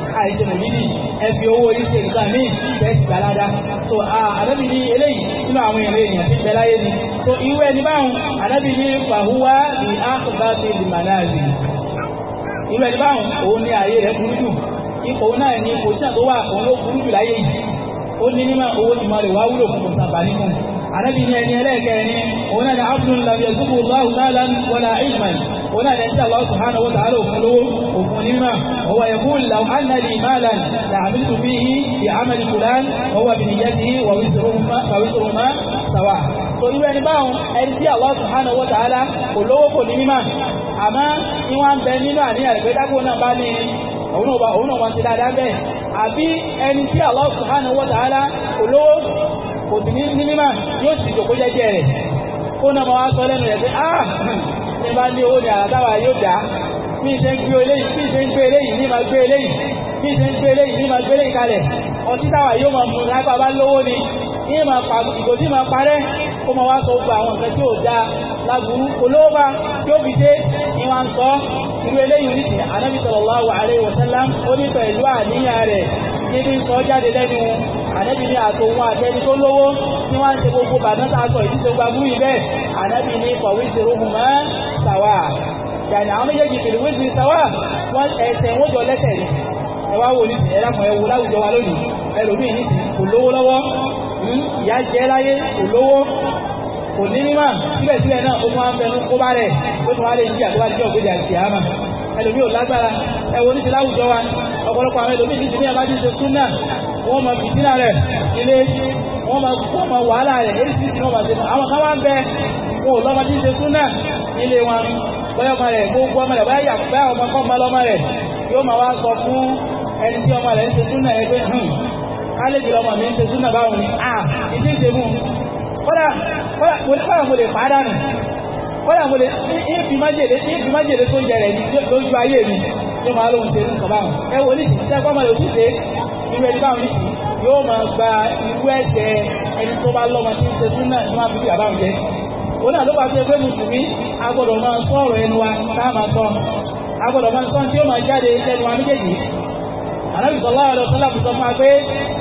[SPEAKER 1] àìsàn ìbílì ẹ fi owó orí ṣe nǹkan míì bẹ́ẹ̀sì balada so ànábì ní eléyìí nínú àwọn èèyàn èèyàn ti bẹ láyé ni so irú ẹni báwọn ànábì ní fàhúwá ní àkùbá ti lè mànáàzì irú ẹni báwọn òun ní ààyè rẹ burú jù ipò náà ní ipò tí àtọwà òun ló burú jù láyé yìí ó ní nímọ̀ owó ìmọ̀ rẹ̀ wá wúlò fún òǹtàbà nínú ànábì ní ẹni ẹlẹ́ẹ̀kẹ́ ni òun náà ní ولا náà الله سبحانه وتعالى subhanahu wa ta'ala òfin lówó òfin nímà ọwọ́ لعملت فيه في عمل malan هو fihi bi 'amali fulan ọwọ́ bìnnìyẹ́sì wà wíṣọ́rọ̀mà sàwà torí wẹ́n ní báwọn ẹni tí Allah subhanahu wa ta'ala kò lówó kò ní mímà àmọ́ ìwọ̀n bẹ nínú àníyàn rẹ̀ pé dágbò náà bá ní òun náà òun náà wọn ti dáadáa bẹ́ẹ̀ àbí ẹni tí Allah subhanahu wa ta'ala kò lówó kò ní mímà yóò ní bá ní owó ní àràtàwà yóò dá bí ṣe ń gbé eléyìí bí ṣe ń gbé eléyìí ní máa gbé eléyìí bí ṣe ń gbé eléyìí ní máa gbé eléyìí kalẹ̀ ọtí táwà yóò máa mú lápá bá lówó ni ní máa pa ìgò wá sọ gba àwọn nǹkan tí ò da olówó bá yóò fi dé ni wọ́n sọ irú eléyìí ní Ànábì sallallahu alaihi wasallam ìlú àníyàn rẹ̀ ànábì ní àtòun àtẹni tó lówó tí wọ́n ń ṣe gbogbo bàtán tá a sọ ìdí tó gbagbú yìí bẹ́ẹ̀ ànábì ní kọ̀wé ìṣòro hùn mọ́ sàwà yàní àwọn méjèèjì fèrè wé sí sàwà wọ́n ẹsẹ̀ wọ́n jọ lẹ́sẹ̀ ni ẹ wá wò ní ẹ lápò ẹ wò láwùjọ wa lónìí ẹlòmíì ní kò lówó lọ́wọ́ hmm, ìyá jẹ́ láyé kò lówó kò ní mímọ̀ síbẹ̀síbẹ̀ náà ó tún wá ò lágbára ẹ wò ní ti láwùjọ wa ọ̀pọ̀lọpọ̀ àwọn ẹlòmíì ní ti ní abájú ṣe súnà wọ́n máa fìtínà rẹ̀ ilé wọ́n ma wọ́n ma wàhálà rẹ̀ èyí sì wọ́n máa ṣe àwọn wá ń bẹ wọn ò lọ́mọ tí ń ṣe súnà wọn ọmọ rẹ̀ gbogbo ọmọ rẹ̀ ọmọ kọ́ ọmọ lọ́mọ rẹ̀ yóò ma wá sọ fún ẹni tí ọmọ rẹ̀ ń ṣe ẹgbẹ́ hàn hmm, kálíjì mi ń ṣe báwọn ni ah, ìdí mú mo lè mo lè ìfìmájèlé tó lójú ayé mi yóò lóhun ṣe báwọn ẹ ní ìṣẹ́ kọ́mọ irú ẹni báwọn nìyí yóò máa gba irú ẹ̀jẹ̀ ẹni tó bá lọ́mọ tí ń ṣe súnà ní wọ́n á fi bí àbáwọn jẹ́ òun náà ló bá fi ẹgbẹ́ mùsùlùmí a gbọ́dọ̀ máa sọ ọ̀rọ̀ ẹnu wa ká máa sọ a gbọ́dọ̀ máa sọ tí ó máa jáde lẹ́nu wa méjèèjì Ànábì sallallahu alaihi wasallam sọ fún wa pé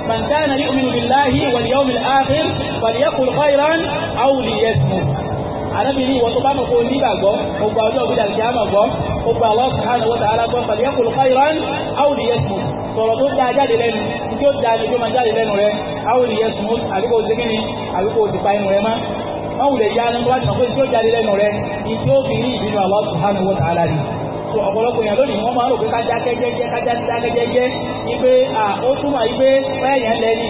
[SPEAKER 1] man kana yu'minu billahi wal yawmil akhir falyaqul khayran aw liyasmut Ànábì ní ìwọ̀n tó bá mọ̀ kó nígbàgbọ́ gbogbo ọjọ́ òbí dàgbà àmọ̀ gbọ́ gbogbo Allah subhanahu wa ta'ala gbọ́ falyaqul khayran aw liyasmut sọ̀rọ̀ tó dáa jáde lẹ́nu tí ó dáa ni tó máa jáde lẹ́nu rẹ àwọn ènìyàn sùn àdúgbò ṣégínì àdúgbò ti pa ẹnu rẹ mọ́ wọ́n wulẹ̀ ya ẹnu tó bá ti mọ̀ pé tí ó jáde lẹ́nu rẹ ni tí ó fi ní ìbínú Allah subhanahu wa ta'ala ni so ọ̀pọ̀lọpọ̀ èèyàn lónìí wọ́n máa rò pé kájá kẹ́jẹ́jẹ́ kájá dákẹ́jẹ́jẹ́ ni pé à ó túmọ̀ yí pé báyẹn lẹ́ni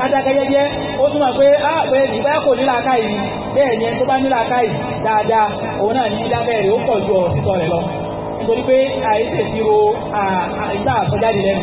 [SPEAKER 1] kájá kẹ́jẹ́jẹ́ ó túmọ̀ pé á pé ìgbà kò ní làákàyè bẹ́ẹ̀ ni ẹni tó bá ní làákàyè dáadáa òun náà ní dábẹ́ rẹ̀ ó pọ̀ ju ọ̀rọ̀ sísọ rẹ̀ lọ nítorí pé àìsèsirò àìsà àsọjáde lẹ́nu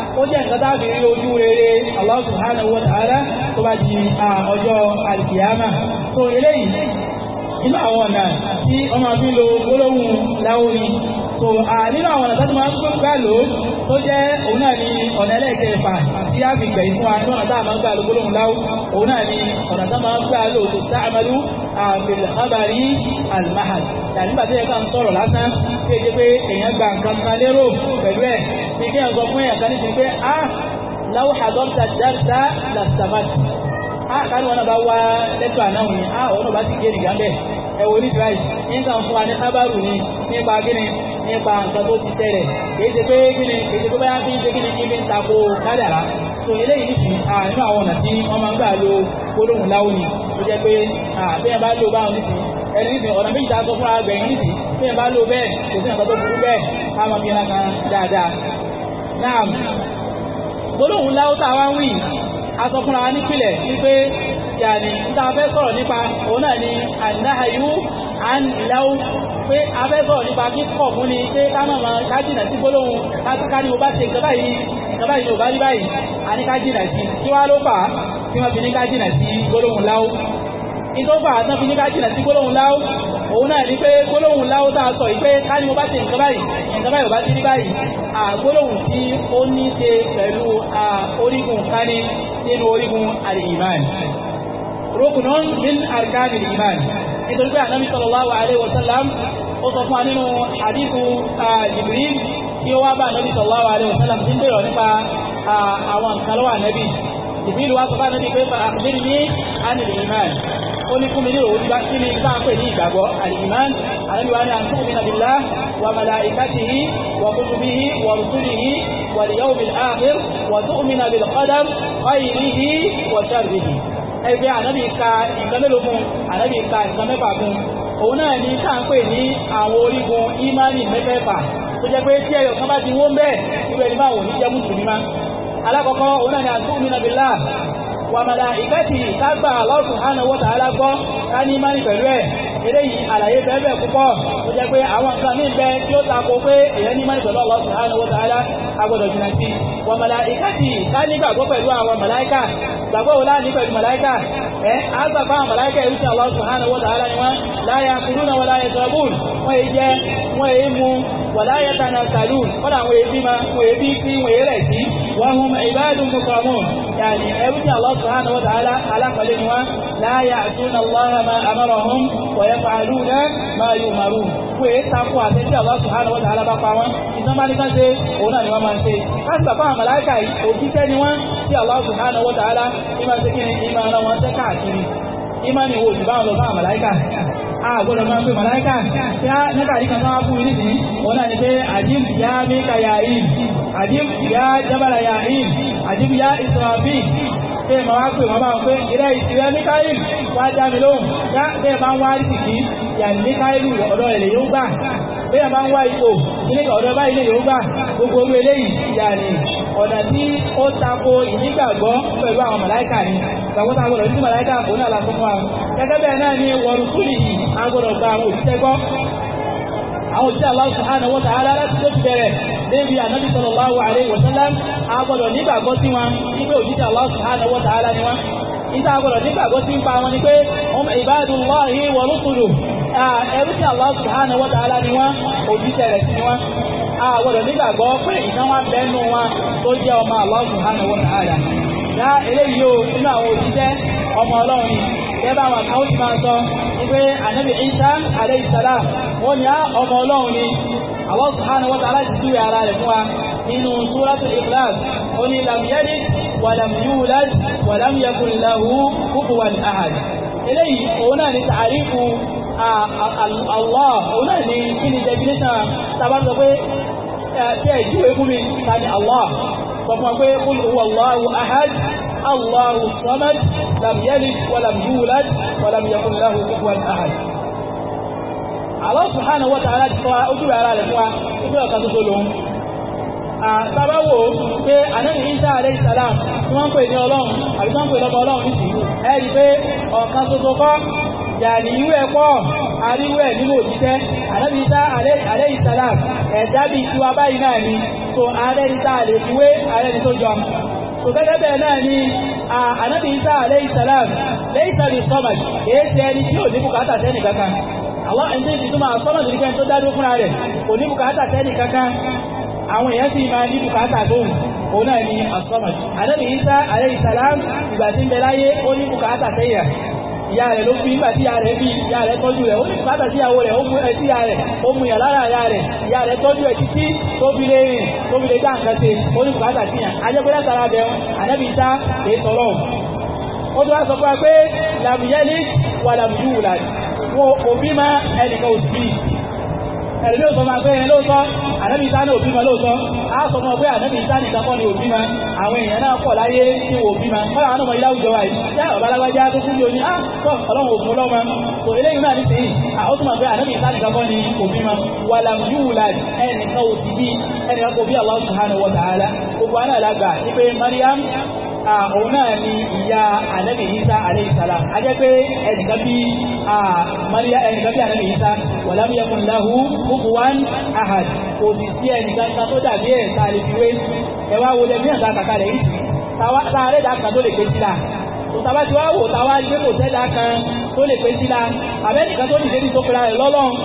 [SPEAKER 1] ó jẹ́ nǹkan táàbí rí ojú rere Allah subhanahu wa ta'ala tó bá di ọjọ́ alìkìyàmà tó eléyìí nínú àwọn ọ̀nà tí ọmọ fi lo gbólóhùn láwórí so nínú àwọn ọ̀nà tó máa ń gbé gbà lò tó jẹ́ òun náà ni ọ̀nà ẹlẹ́ẹ̀kẹfà tí a fi gbẹ̀yìn fún wa nínú ọ̀nà tá a máa ń gbà lò gbólóhùn láwó òun náà ni ọ̀nà tó máa ń gbà lò tó sá àmàlú àfihàn àbárí àlùmáhàlì tàbí nígbà ká ń sọ̀rọ̀ lásán tí èyí pé èèyàn gba nǹkan kan lérò pẹ̀lú ẹ̀ bí kí ẹ̀ǹkọ́ fún ẹ̀yà kan nítorí pé a láwọ́ àdọ́ta dáta làtàmàtì a kárí wọn bá wá lẹ́tọ̀ ànáhùn ni ti gé nìgbà bẹ́ẹ̀ ẹ̀wọ̀ ní christ nígbà fún wa ní sábàrù ni nípa gíní nípa nǹkan tó ti tẹ̀lẹ̀ kìí pé gíní kìí ṣe fi ń ṣe gíní kí ń tako kádàrá tó eléyìí ní àánú àwọn ọ̀nà tí wọ́n máa ń gbà lo gbólóhùn náà gbólóhùn láwùtà wá ń wí asọ̀kúnra wa nípìnlẹ̀ wípé yàní níta fẹ́ sọ̀rọ̀ nípa òun náà ni àìláhàyú àìláwù pé a fẹ́ sọ̀rọ̀ nípa kíkọ̀ fún ni pé káná máa kájìnà sí gbólóhùn ká ní o bá ṣe nǹkan báyìí nǹkan báyìí ló bá rí báyìí a ní kájìnà sí kí wá ló fà á tí wọ́n fi ní kájìnà sí gbólóhùn láwù ìtọ́fà àtàn fi ní kájìnà sí gbólóhùn láwù òun náà ní pé gbólóhùn láwọ́ tá a sọ yìí pé ká ní mo bá ti nǹkan báyìí nǹkan báyìí ò bá ti rí báyìí àgbólóhùn tí ó ní ṣe pẹ̀lú orígun kání nínú orígun al-iman rukunun min arkani al-iman nítorí pé ànábì sallallahu alaihi wasallam ó sọ fún wa nínú hadithu Jibril tí ó wá bá ànábì sallallahu alaihi wasallam tí ń bèrè nípa àwọn nǹkan lọ́wọ́ ànábì ó ní fún mi ní òwò tí bá sí ní ìgbà pè ní ìgbàgbọ́ alìmán alẹ́bíwá ní àǹtí mi nàbí lá wà malaikatihi wà kutubihi wà rusulihi wà liyawmil akhir wà tu'mina bil qadar khayrihi wà sharrihi ẹgbẹ́ ànábì ka nǹkan mélòó fún ànábì ka nǹkan mẹ́fà fún òun náà ní káàpẹ́ ní àwọn orígun ìmánì mẹ́fẹ̀ẹ̀fà tó jẹ́ pé tí ẹyọ kan bá ti wó ń bẹ́ẹ̀ irú ẹni máa wò ní jẹ́ mùsùlùmí má alákọ̀ọ́kọ́ òun náà ní àtúnmí nàbìlá wa malaikatihi tágbà Allah subhanahu wa ta'ala gbọ́ ká ní mánì pẹ̀lú ẹ̀ eléyìí àlàyé bẹ́ẹ̀ púpọ̀ tó jẹ́ pé àwọn nǹkan mí bẹ tí ó tako pé èèyàn ní mánì pẹ̀lú Allah subhanahu wa ta'ala agbọ́dọ̀ jìnà sí wa malaikatihi ká nígbàgbọ́ pẹ̀lú àwọn màláìkà gbàgbọ́ wo láàní pẹ̀lú màláìkà ẹ àgbà fáwọn Allah subhanahu wa ta'ala ni la ya'kuluna wa la yashrabun wọ́n èyí jẹ́ wọ́n èyí mu wa la yatanassalun wọ́n làwọn èyí ga adụo ga ji rtl san la ala pao eniwa na ya ahịa aụna lọahịa aaụ ma maa maru wee sapụ a a astapụ amaraika i otite enyiwa tiala la ara waa ịmaniwu ojiba amraka àgbọ̀dọ̀ máa pè màláìkà tí a nígbà rí kan máa fún mi nísìnyí òun náà ni pé àdìm ya mika ya im àdìm ya jabala ya im àdìm ya israfi pé màá wá pè wọ́n bá wọn pé ìrẹ́ ìrẹ́ mikael wá dá mi lóhùn yá bẹ́ẹ̀ bá ń wá rí kìkì yà mikael ọ̀dọ̀ rẹ̀ lè yóò gbà bẹ́ẹ̀ bá ń wá ipò nígbà ọ̀dọ̀ báyìí lè yóò gbà gbogbo orú eléyìí yà ní ọ̀nà tí ó tako ìnígbàgbọ́ pẹ̀lú àwọn màláìkà ni ìgbàgbọ́ta gbọ́dọ̀ ní màláìkà òun náà la fún wa gẹ́gẹ́ bẹ́ẹ̀ náà ni a gbọ́dọ̀ gba àwọn òṣìṣẹ́ gbọ́ àwọn òṣìṣẹ́ Allah subhanahu wa ta'ala láti tó ti bẹ̀rẹ̀ ànábì a gbọ́dọ̀ nígbàgbọ́ sí wọn nígbà òṣìṣẹ́ Allah subhanahu wa ni wọn ìta nígbàgbọ́ sí ń pa wọn ni pé wa rusuluhu ẹrú sí Allah wa ta'ala ni wọn òjíṣẹ́ rẹ̀ sí wọn a gbọ́dọ̀ nígbàgbọ́ pé ìtàn wọn bẹ́ẹ̀nu wọn tó jẹ́ ọmọ eléyìí o àwọn ọmọ ọlọ́run gẹ́gẹ́ àwọn àwọn ti máa sọ wípé ànábì Isa alayhi salam wọ́n ní ọmọ ọlọ́run ni Allah subhanahu wa ta'ala ti júwe ara rẹ̀ fún wa nínú suratul Ikhlas ó ní lam yalid wa lam yulad wa lam yakun eléyìí òun náà ni tàrífù Allah òun náà ni kí ni definition tàbá sọ pé tí ẹ̀ jíwé fún mi ta ni Allah sọ fún wa pé qul huwa Allahu ahad Allahu لم يلد ولم يولد ولم يكن له كفوا أحد Allah subhanahu wa ta'ala ti sọ ojú ara rẹ̀ fún wa ojú ọ̀ka tó tó lòun àtàbá wò pé ànábì Isa alayhi salam tí wọ́n ń pè ní ọlọ́run àbí wọ́n ń pè lọ́mọ ọlọ́run nìsí ẹ̀rí pé ọ̀kan tó tó kọ́ yàrá ìwú ẹ̀kọ́ àríwú ẹ̀ nínú òjíṣẹ́ ànábì Isa alayhi salam ẹ̀dá bíi tiwa báyìí náà ni tó ààrẹ Isa àlè ìwé ààrẹ ni tó jọ tó gẹ́gẹ́ bẹ́ẹ̀ náà ni ànábì isa aleyhi salam lẹ́yìn sàbí sọ́mà kìí ṣe ẹni tí ò ní bùkátà sẹ́ni kankan àwọn ẹni tí túmọ̀ sọ́mà tó ní kẹ́ni tó dádó fúnra rẹ̀ kò ní bùkátà sẹ́ni kankan àwọn èèyàn sì máa ní bùkátà lóhùn òun náà ni asọ́mà ànábì isa aleyhi salam ìgbà tí ń bẹ láyé ó ní bùkátà sẹ́yìn ìyá rẹ̀ ló fi nígbà tí ìyá rẹ̀ bí ìyá rẹ̀ tọ́jú rẹ̀ ó ní bàtà sí ìyàwó rẹ̀ ó mú ẹtí ìyá rẹ̀ ó mú ìyà lára ìyá rẹ̀ ìyá rẹ̀ tọ́jú ẹ̀ títí tó fi lè rìn tó fi lè dá nǹkan ṣe ó ní bàtà sí yàn ajẹ́pẹ́ látara bẹ̀ ànábì ìta èé tọrọ ó tó wá sọ fún wa pé làbùyẹ́lì wà làbùyù wùlà òbí má ẹnìkan òsì bíi ẹ̀rí ló sọ máa pé ẹ lóòótọ́ ànábì Ìsá ní òbí ma lóòótọ́ á sọ mọ́ pé ànábì Ìsá nìkan kọ́ ni òbí ma àwọn èèyàn náà pọ̀ láyé tí wò bí ma kọ́lá àwọn ọmọ ilé àwùjọ wa yìí yá bàbá alágbájá tó kú ní oní á ah, tọ́ ọlọ́run òfin ọlọ́mọ kò eléyìí náà ní sèyí àwọn tó máa pé ànábì Ìsá nìkan kọ́ ni òbí ma wà lámúyúwùlà ẹnìkan òbí bí ẹnìkan kò bí Allah subhanahu wa ta'ala gbogbo aná làgbà ní pé Mariam òun náà ni ìyá ànábì Ìsá alayhi salam a jẹ́ pé ẹnìkan bí Maria ẹnìkan bí ànábì Ìsá wa lam yakun lahu kufuwan ahad kò sì sí ẹnìkan kan tó dàbí ẹ̀ tá a lè fi wé ẹ wá wọlé mí àtà kàkà rẹ̀ yìí táàrẹ́ dà kan tó lè pé sílá òtàbá ti wá wò táwa gbé kò sẹ́dà kan tó lè pé sílá àbẹ́nìkan tó dìde ní tó pera rẹ̀ lọ́lọ́run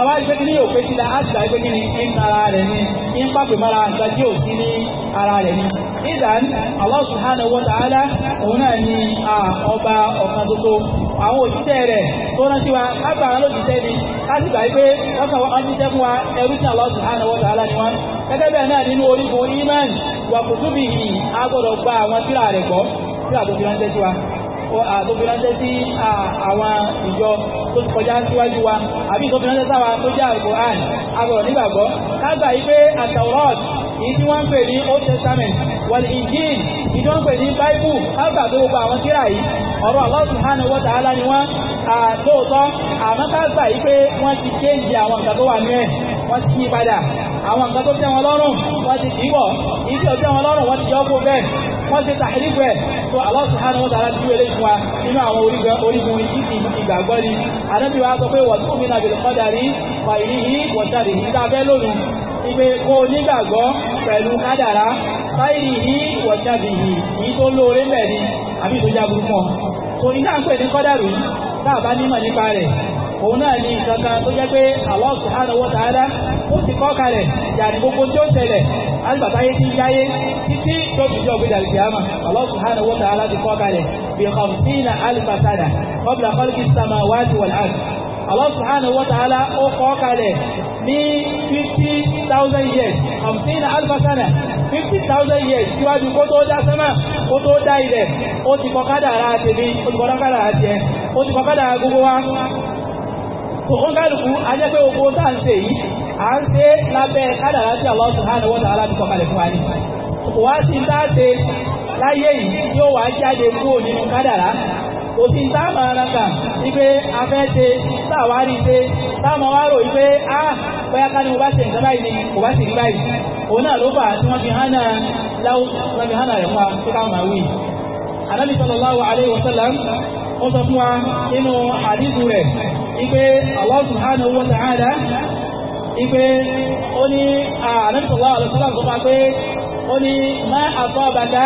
[SPEAKER 1] àwa hmm? ìgbé kí ní yóò pé sílá á sì gbà ìgbé kí ní ń tara rẹ̀ ní ń pàpè mọ́ra nǹkan tí ò sí ní ara rẹ̀ ìdán Allah subhanahu wa ta'ala òun náà ọba àwọn rẹ̀ tó wa àwọn ni láti gbà pé lọ́kàn wọn jíṣẹ́ fún wa ẹrú sí Allah ni gẹ́gẹ́ bẹ́ẹ̀ náà nínú orígun iman wà a gbọ́dọ̀ gba àwọn tírà rẹ̀ gbọ́ tó wa tó fi ránṣẹ́ sí àwọn kọjá síwájú wa àbí tó fi ránṣẹ́ sáwa tó jẹ́ a nígbàgbọ́ ká ìdí wọ́n ń pè ní old testament wal injil ìdí wọ́n ń pè ní bible ágbà tó gbogbo àwọn tírà yìí ọ̀rọ̀ Allah subhanahu wa ta'ala ni wọ́n àtòótọ́ àmọ́ ká gbà yí pé wọ́n ti àwọn nǹkan tó wà ní ẹ̀ wọ́n ti yí padà àwọn nǹkan tó wọn lọ́rùn wọ́n ti kìí bọ̀ ìdí ọ̀tẹ́ wọn lọ́rùn wọ́n ti pẹ̀lú kádàrá fáìlì yìí wọ̀jáde yìí èyí tó lóore mẹ́ ni àbí tó jágun fún ọ. kò ní sáà ń pè ní kọ́dàrú yìí tá a bá nímọ̀ nípa rẹ̀ òun náà ní kankan tó jẹ́ pé Allah subhanahu wa ta'ala ó ti kọ́ kalẹ̀ yàrá gbogbo tí ó tẹ̀lẹ̀ alùpàtàyé ti yáyé títí tó fi jọ gbéjà lùkìyàmà Allah subhanahu wa ta'ala ti kọ́ kalẹ̀ bí ní fifty thousand years hamsin alifasana fifty thousand years síwájú kó tó dá sánmà kó tó dá ilẹ̀ ó ti kọ kádàrá tèmi ó ti kọ kádàrá tiẹ̀ ó ti kọ kádàrá gbogbo wa òun kálukú ajẹ́ pé gbogbo tá à ń ṣe yìí à ń ṣe lábẹ́ kádàrá tí Allah subhanahu wa ta'ala ti kọ kalẹ̀ fún wa ni wá sí ń tá ṣe láyé yìí yóò wá jáde kúrò nínú kádàrá òsì táàmà ara kà wípé afẹ́ ṣe táàwárí ṣe táàmà wá rò wípé ah bóyá ká ní mo bá ṣe nǹkan báyìí ni kò bá sì rí báyìí òun náà ló fà á tí wọ́n fi hánà láwù fi hánà rẹ̀ fún wa pé ká wasallam ó sọ fún wa nínú rẹ̀ ipe Allah subhanahu wa ta'ala ipe ó ní Ànábì sallallahu wasallam sọ fún wa pé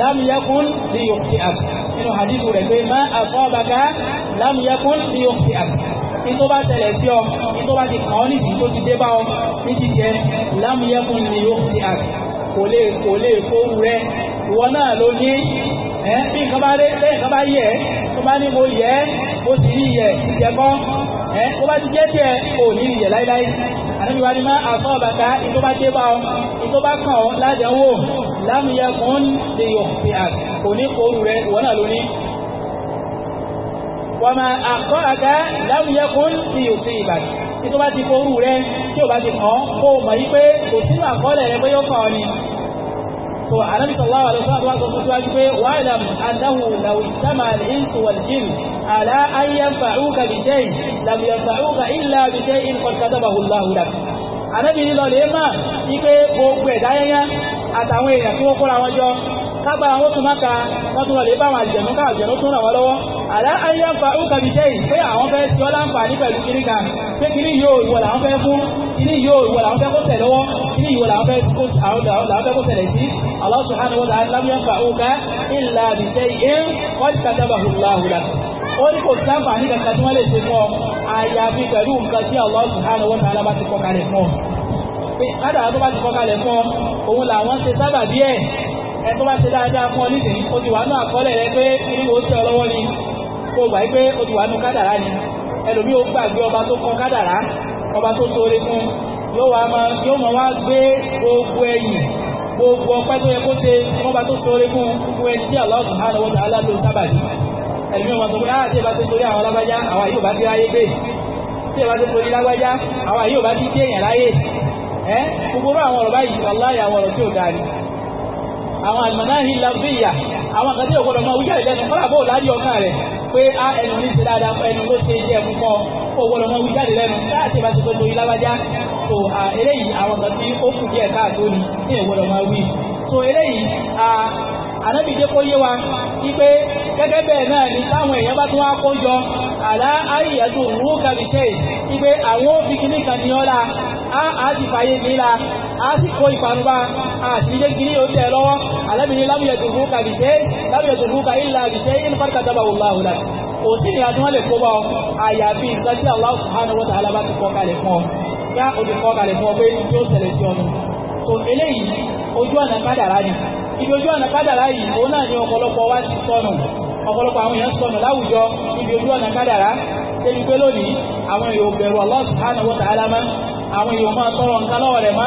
[SPEAKER 1] lam yakun liyukhti'ak nínú àdínkù rẹ̀ pé má lam yakun liyukhti'ak ní tó bá tẹ̀lẹ̀ sí ọ ní tó bá ti kàn ọ́ ní ìdí tó ti dé bá ọ ní ti jẹ lámúyẹ́kùn ni yóò ti àgbà kò lè kò lè kó rẹ ìwọ náà ló ní ẹ bí nǹkan bá rẹ bẹ́ẹ̀ nǹkan bá yẹ tó bá ní mo yẹ ó sì rí yẹ ìjẹ kọ́ ẹ tó bá ti jẹ́ tiẹ̀ kò ní yẹ láíláí àdébíwá ni má àfọ́ bàtà ìtó bá dé bá ọ ìtó bá kàn ọ ládàáwò lámúyẹ́kùn ni yóò ti àgbà kò ní kó rẹ ìwọ náà ló ní wọ́n máa àkọ́ àga láwùyẹ kó ń fi òfin ìbàdàn tí tó bá ti forú rẹ tí ò bá ti kàn án kó o mọ̀ yí pé kò sínú àkọọ́lẹ̀ rẹ pé yóò kàn ọ́ ni. tó ànábì sallallahu alaihi wasallam wá sọ fún síwájú pé wa'lam annahu law ijtama al-insu wal-jinn ala an yanfa'uka bi shay'in lam kágbà àwọn tó máa ka wọ́n tún lọ́lẹ̀ bá àwọn àjẹ̀nú ká àjẹ̀nú tún ràn wọ́n lọ́wọ́ àlá ayé ń fa òkà bí jẹ́ pé àwọn fẹ́ tí ọlá ń fà ní pẹ̀lú kiri kan pé kiri yóò wọ̀ làwọn fẹ́ fún kiri yóò wọ̀ làwọn fẹ́ kó tẹ̀ lọ́wọ́ kiri yóò làwọn fẹ́ kó tẹ̀lẹ̀ sí Allah subhanahu wa ta'ala lam yanfa'uka illa bi shay'in qad katabahu Allahu lak ó ní kò sáfà ní kankan tí wọ́n lè ṣe fún ọ àyàfi pẹ̀lú nǹkan tí Allah subhanahu wa ta'ala ti kọ fún ọ pé ládàá tó bá ti kọ fún ọ òun làwọn ṣe sábà díẹ̀ ẹni tó bá ṣe dáadáa fún ọ nísìnyí o ti wà nù àkọọ́lẹ̀ rẹ pé kiri wo tẹ ọ ni kó gbà pé o ti wà nù kádàrá ni ẹlòmíì ó gbàgbé ọba tó kọ kádàrá ọba tó sóore fún yóò wá máa yóò máa wá gbé gbogbo ẹ̀yìn gbogbo ọpẹ́ tó yẹ kó ṣe ní ọba tó sóore fún gbogbo ẹni tí Allah subhanahu wa ta'ala ló sábàdì ẹlòmíì ọmọ tó kó láti ẹ bá ti sórí àwọn alágbájá àwa yóò bá ti ráyé gbé tí ẹ bá ti sórí lágbájá àwa yóò bá ti dé èèyàn láyé ẹ gbogbo àwọn ọ̀rọ̀ báyìí wàláyà àwọn ọ̀rọ̀ tí ò dáa ni àwọn àlùmọ̀nàhìn làbíyà àwọn kan tí yóò gbọdọ̀ máa wúyà ìlẹ́nu kọ́lá bó láàrí ọkàn rẹ̀ pé á ẹnu ní ṣe dáadáa fún ẹnu ló ṣe iṣẹ́ ẹ̀kú kọ́ ó gbọdọ̀ máa wúyà ìlẹ́nu láti bá ti tó torí lábájá tó eléyìí àwọn kan ó kù díẹ̀ káàtó ni ní ìgbọdọ̀ máa wí tó eléyìí ànábìdé kó yé wa wípé gẹ́gẹ́ bẹ́ẹ̀ náà ni táwọn èèyàn bá tún wá kó jọ àlá àríyànjú rúó kàbíṣẹ́ wípé àwọn òfìkìní kan ní ọ́la á ti fàyè nílá á sì kó ìpanubá àti ilé kìíní ó tẹ̀ lọ́wọ́ alábìnrin lábìyà tó fún kàbí ṣe lábìyà tó fún kàbí ìlà àbíṣe ìlú fárkà dábà wò láhùn láti kò sí ìrìn àti wọn lè kó bá ọ àyàfi nǹkan tí Allah subhanahu wa ta'ala bá ti kọ kalẹ̀ fún ọ yá o ti kọ kalẹ̀ fún ọ pé tí ó ṣẹlẹ̀ sí ọnu tó eléyìí ojú ọ̀nà kádàrá ni ibi ojú ọ̀nà kádàrá yìí òun náà ni àwọn èèyàn máa tọrọ nǹkan lọ́wọ́ rẹ̀ má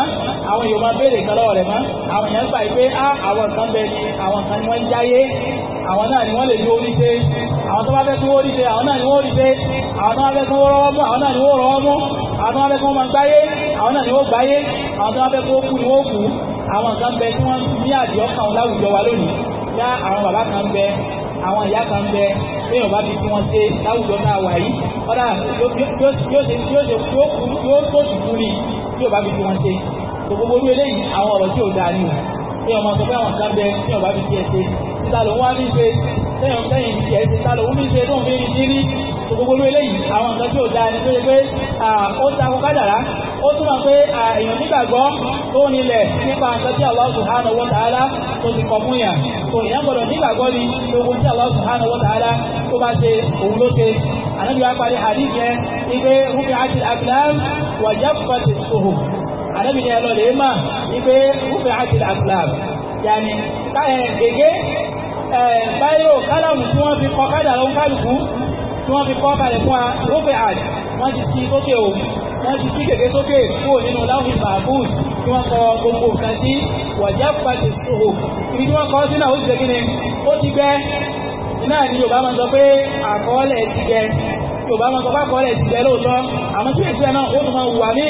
[SPEAKER 1] àwọn Yorùbá béèrè kan lọ́wọ́ rẹ̀ mọ́ àwọn èèyàn gbà pé á ah, àwọn kan bẹ ni àwọn kan ni wọ́n ń jáyé àwọn náà ni wọ́n lè ní orí ṣe àwọn tó bá fẹ́ tún orí ṣe àwọn náà ni wọ́n orí ṣe àwọn tó bá fẹ́ tún rọ́wọ́ mú àwọn náà ni wọ́n rọ́wọ́ mú àwọn tó bá fẹ́ tún máa gbáyé àwọn náà ni wọ́n gbáyé àwọn tó bá fẹ́ tún kú ni wọ́n kú àwọn kan bẹ tí wọ́n ní àdìọ́ kan láwùjọ wa lónìí yá àwọn bàbá kan bẹ àwọn ìyá kan bẹ téèyàn bá fi tí wọ́n ṣe láwùjọ náà wà yìí kọ́dà yóò ṣe yóò ṣe yóò tó sùkúrì tí ò bá fi tí wọ́n ṣe tó gbogbo orí eléyìí àwọn ọ̀rọ̀ tí ò dáa ni o pé ọmọ sọ pé àwọn kan bẹ tí ọba fi tiẹ̀ ṣe títa ló ń wá ní ṣe tẹ́yìn tẹ́yìn fi tiẹ̀ ṣe títa ló ń ní ṣe tó ń fi ní ṣírí tó gbogbo orí eléyìí àwọn nǹkan tí ò dáa ni tó yẹ pé ó ta kó kádàrá ó túmọ̀ pé èèyàn nígbàgbọ́ tó nílẹ̀ nípa nǹkan tí Allah subhanahu wa ta'ala tó ti kọ fún yà tó èèyàn gbọ́dọ̀ nígbàgbọ́ ni lógun tí Allah subhanahu wa ta'ala tó bá ṣe òun ló ṣe ànábi wa parí hadith ní pé rúbi àti àgbà wàjà pàtẹ òhùn ànábì ni ẹlọ lè mà ní pé wúfẹ́ àti àkùlàm yàní gègé báyò kálàmù tí wọ́n fi kọ́ kádà ló ń kálukú tí wọ́n fi kọ́ kalẹ̀ fún wa wúfẹ́ àti wọ́n ti ti sókè o wọ́n ti ti gègé sókè kúrò nínú láwùjọ bàbúùs tí wọ́n kọ gbogbo nǹkan sí wọ̀jẹ́ pàṣẹ sòhò ibi tí wọ́n kọ́ sínú àwọn òṣìṣẹ́ kí ni ó ti gbẹ́ iná ni Yorùbá máa ń sọ pé àkọọ́lẹ̀ ti gbẹ Yorùbá máa ń sọ pé àkọọ́lẹ̀ ti gbẹ lóòótọ́ àmọ́ sí èsì ẹ̀ náà ó tún máa wù wá míì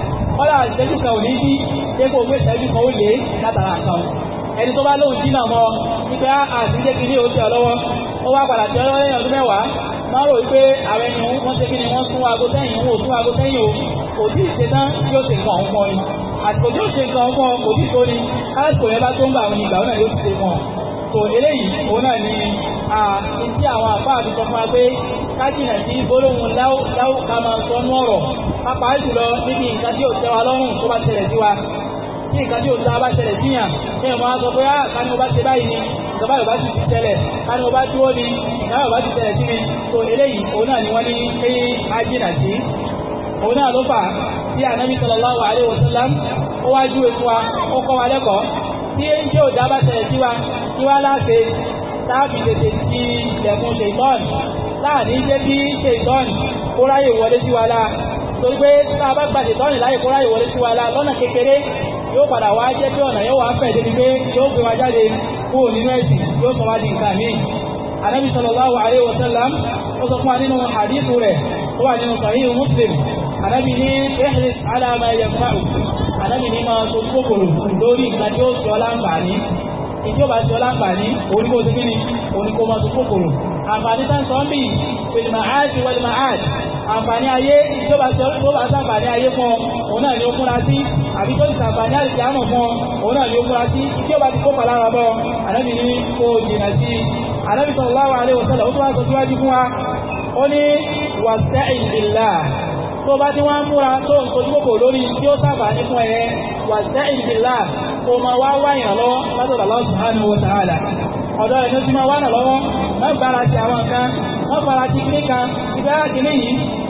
[SPEAKER 1] kọ́lá ìṣẹ́jú kan ò ní bí dépò owó ìṣẹ́jú kan ó lé látara kan ẹni tó bá lóhùn sí náà mọ́ wípé àtijọ́ kìíní ó ti ọ lọ́wọ́ ó wá padà tí ọlọ́wọ́ lẹ́yìn ọdún mẹ́wàá máa rò wípé àwọn ẹni wọ́n ṣe kí ni wọ́n tún aago sẹ́yìn wọn ò tún aago sẹ́yìn o kò tí ì ṣe tán tí ó ṣe nǹkan ọ̀hún mọ́ ni àsìkò tí ó ṣe nǹkan ọ̀hún mọ́ kò tí ì tó ni káàsìkò yẹn bá tó ń bà wọn ìgbà náà yóò ti ṣe mọ́ so eléyìí òun náà ni ti àwọn àbá àti sọ fún wa pé kájìnà sí gbólóhùn láwùká máa sọ nú ọ̀rọ̀ pápá jùlọ níbi nǹkan tí ò tẹ́ wa lọ́rùn tó bá ṣẹlẹ̀ sí wa tí nǹkan tí ò tẹ́ bá ṣẹlẹ̀ síyàn ní ẹ̀mọ́ wa sọ pé á ká ní o bá ṣe báyìí ni ìjọba yóò bá sì ti ṣẹlẹ̀ ká ní o bá dúró ni ìjọba yóò bá sì ṣẹlẹ̀ sí mi tó eléyìí òun náà ni wọ́n ní pé á sí òun náà ló fà tí ànábì sallallahu alaihi ó wá júwe fún wa ó kọ́ wa lẹ́kọ̀ọ́ tí èyí tí ò dá bá ṣẹlẹ̀ sí wa kí wá láṣẹ táàbì tètè ti ilẹ̀kùn ṣèitọ́ọ̀nì láàrin jẹ́ kí ṣèitọ́ọ̀nì kó ráyè wọlé sí wa láà torí pé tá a bá gbàdé tọ́ni láyé kó ráyè wọlé sí wa la lọ́nà kékeré yóò padà wá jẹ́ pé ọ̀nà yóò wá fẹ̀ débi pé yóò gbé wa jáde kúrò nínú ẹ̀sìn yóò sọ wá di nǹkan míì anabi sallallahu alayhi wa sallam ó sọ fún wa nínú hadithu rẹ̀ ó wà nínú sahih muslim anabi ní ihris ala ma yanfa'u anabi ní máa so kókòrò lórí nǹkan tí ó sọ láǹfààní ìjọba sọ láǹfààní òun kò sí kí ni òun kò máa so kókòrò àǹfààní sáńsọ́ ń bì pèlìmọ̀ áàdì wàlìmọ̀ áàdì àǹfààní ayé tó bá sàǹfààní ayé fún ọ òun náà ni ó kúnra sí àbí tó ti sàǹfààní àlìjáàmọ̀ fún ọ òun náà ni ó kúnra sí tí ó bá ti kó palára bọ́ ànábì ní kó jìnà sí ànábì sallallahu alaihi wasallam ó tó wá sọ síwájú fún wa ó ní wasta'in billah tó bá ti wá ń múra tó ń sojú kòkò lórí tí ó sàǹfààní fún ẹ wasta'in billah kó máa wá wá ìrànlọ́wọ́ látọ̀dọ̀ Allah subhanahu wa ta'ala ọ̀dọ́ ẹ̀ ló ti máa wá nà lọ́wọ́ mọ́ ìbára ti àwọn kan mọ́ ìbára ti kíní kan ìbára ti níyìí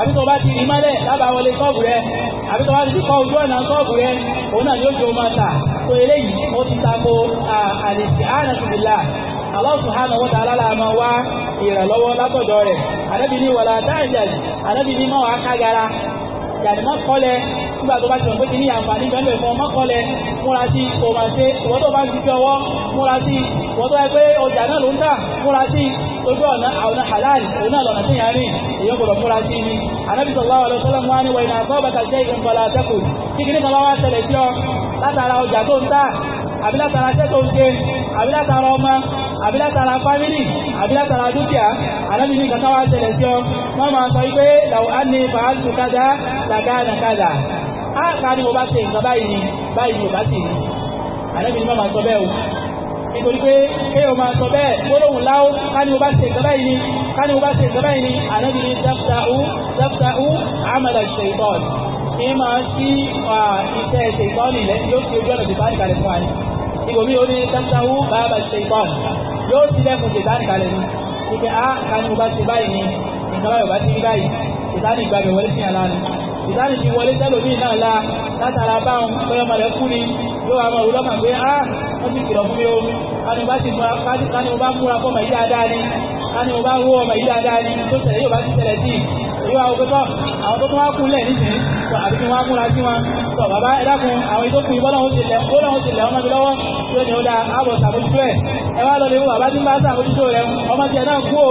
[SPEAKER 1] àbí tó bá ti rí mọ́lẹ̀ lábàá wọlé sọ́ọ̀bù rẹ àbí tó bá ti kọ́ ojú ọ̀nà sọ́ọ̀bù rẹ òun náà ni ó jẹ́ ọmọ ta tó eléyìí ó ti tako àlèsì ànàtìbìlà Allah subhanahu wa ta'ala la máa wá ìrànlọ́wọ́ látọ̀dọ̀ rẹ̀ ànábì ní wàlá dáìjẹ̀l ànábì ní mọ́ wàá kágara yàrá má kọ́lẹ̀ nígbà tó bá ti mọ̀ pé kí ní àǹfààní bẹ́ẹ̀ bẹ́ẹ̀ fún ọmọ kọ́lẹ̀ múra sí kò máa ṣe ìwọ́n tó bá ń fi ọwọ́ múra sí ìwọ́n tó yẹ ọjà náà ló ń tà múra sí ojú ọ̀nà àwọn halal òun náà lọ́nà tí yà rìn èyàn gbọ́dọ̀ fúra sí ni Ànábì sallallahu alaihi wasallam wá ní wà iná àbọ́ bàtà jẹ́ ìgbìmọ̀ látẹ́kù tí kìíní kan bá wá tẹ̀lẹ̀ sí ọ látara ọjà tó ń tà àbí látara iṣẹ́ tó ń ṣe àbí látara ọmọ àbí látara fámìlì àbí látara dúkìá Ànábì ní kankan wá tẹ̀lẹ̀ sí ọ wọ́n máa sọ wípé làwọn á ní fàájú kájá làgá nàkàdà á kà ní mo bá ṣe nǹkan báyìí ni báyìí ni ò bá sì ní Ànábì ní má máa sọ bẹ́ẹ̀ o nítorí pé kéèyàn máa sọ bẹ́ẹ̀ gbólóhùn láwó ká ní mo bá ṣe ìjọba yìí ni ká ní mo bá ṣe ìjọba yìí ni ànábì ní dáftahu dáftahu amala shaitan ní máa sí iṣẹ́ shaitan ilẹ̀ yóò fi ojú ọ̀nà ṣètọ́ àdìkalẹ̀ fún wa ni ibòmí ó ní dáftahu bàbá shaitan yóò ti lẹ́kùn ṣètọ́ àdìkalẹ̀ ni wípé a ká ní bá ṣe báyìí ni nǹkan báyọ̀ bá ti rí báyìí ìtàní ìgbàgbẹ̀ wọlé sí yóò wá máa wúlọ́kàn pé a ó sì kìlọ̀ fún bá sì múra kání mo bá múra fún ọmọ dáadáa ni kání bá wó ọmọ yìí dáadáa ni tó tẹ̀lé yóò bá ti tẹ̀lẹ̀ sí yóò wá wọ́pẹ́ àwọn tó tún wá kúnlẹ̀ nísìnyí tọ́ àbí kí wọ́n á múra sí wọn tọ́ bàbá ẹ dákun àwọn ìtókù ìbọ́lọ́hún ti lẹ̀ ọmọ mi lọ́wọ́ tí ó ní ó dá àbọ̀ sàbójútó ẹ̀ ẹ wá lọ lè bàbá tí ń bá sàbójútó rẹ ọmọ tí ẹ náà kú o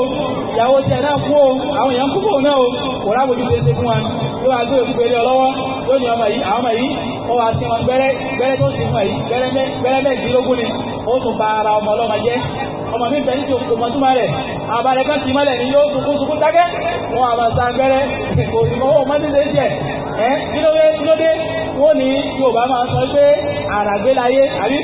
[SPEAKER 1] ìyàwó tí ẹ náà kú o àwọn èèyàn kúkú náà o kò rábòjú tó ṣe fún wa yóò wá gbé òkú pẹ̀lú ọlọ́wọ́ yóò ní ọmọ yìí àwọn ọmọ yìí ó wá sí wọn gbẹ́rẹ́ gbẹ́rẹ́ tó sì mọ̀ yìí gbẹ́rẹ́ mẹ́ẹ̀ẹ́dínlógún ni ó tún ba ara ọmọ ọlọ́mọ jẹ́ ọmọ mi bẹ̀ ní ti òkùnkùn mọ́túmọ́ rẹ̀ àbálẹ̀ kan ti mọ́lẹ̀ ní yóò sunkún sunkún dákẹ́ wọn àbá sa gbẹ́rẹ́ kò sì mọ́ wọn mọ́tí lè jẹ́ ẹ́ kílódé kílódé wọn ní Yorùbá máa sọ pé àràgbé láyé àbí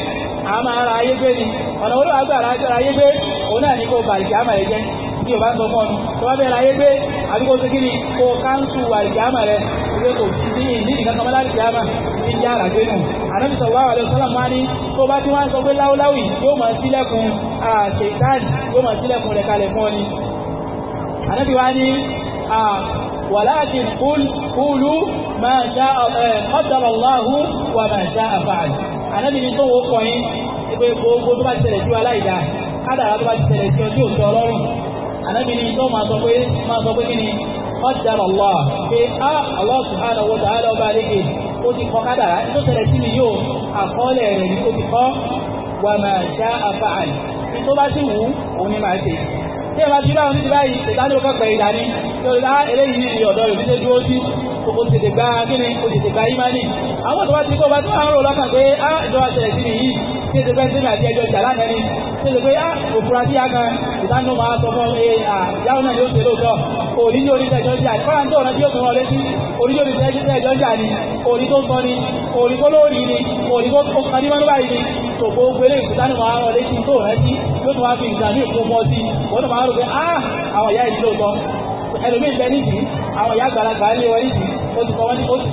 [SPEAKER 1] àmà ara ayé gbé ni ọ̀nà olóògbé àràgbé láyé gbé òun náà ní kó bàjẹ́ àmà ẹ̀jẹ̀ tí o bá sọ fọ́ ni tó bá bẹ̀rẹ̀ ayé pé àdúgbò tó kí ni kó káńsù àlìjáàmà rẹ̀ ìgbé kò sí ní ìdíkan kan mọ́lá àlìjáàmà ní ìjà àràgbé nù ànábì sallallahu alaihi wasallam máa ní tó bá ti wá ń sọ pé láúláwì yóò máa sílẹ̀kùn àṣetáàdì yóò máa sílẹ̀kùn rẹ̀ kalẹ̀ fún ọ ni ànábì wá ní walakin qulu ma sha'a qaddara Allahu wa ma sha'a fa'al ànábì ní tó wọ́pọ̀ yín ìgbé gbogbo tó bá ti ṣẹlẹ̀ sí wa láìdáa kádàrá tó bá ti ṣẹlẹ̀ sí ọjọ́ òṣèlú ọlọ́run ànábì ni tó máa sọ pé máa sọ pé kí ni qaddara Allah pé á ah, Allah subhanahu wa ta'ala ọba àlejò ó ti kọ kádàrá tó tẹ̀lé sí mi yóò àkọọ́lẹ̀ rẹ̀ ní ó ti kọ́ wa ma sha'a fa'al ní tó bá sì wù òun ni máa ṣe tí ẹ bá ti báwọn níbi báyìí ìtàní ò kẹ́kọ̀ọ́ ìlà ni lórí eléyìí ní ọ̀dọ́ rẹ̀ nílé dúró sí kò tètè gba kíni kò tètè gba ìmánì àwọn tó bá ti kó bá tó àwọn rò lọ́kàn pé á ah, ìjọba tẹ̀lé sí mi yìí tí ètò fẹ́ mi àti ẹjọ́ ìjà lánàá ni ṣe lè pé á ah, òfurá sí àgàn ìdánù máa sọ fún ẹ àyáwó náà yóò ṣe lóòótọ́ òní ní oríṣẹ́ ìjọ jà kọ́ra ní ọ̀nà tí yóò fi wọn létí òní ní oríṣẹ́ ìjọ jà ni òní tó sọ ni òní tó lóòrì ni òní tó kan ní wọn báyìí ni tòkó gbélé ìdánù máa rọ létí tó rántí yóò tún wá fi ìgbà ní ìkó mọ́ sí wọn náà máa rò pé á ah, àwọn ìyá ìdílé òótọ́ ẹlòmíì bẹ nídìí àwọn ìyá àgbàlagbà ń lé wọn nídìí ó ti kọ́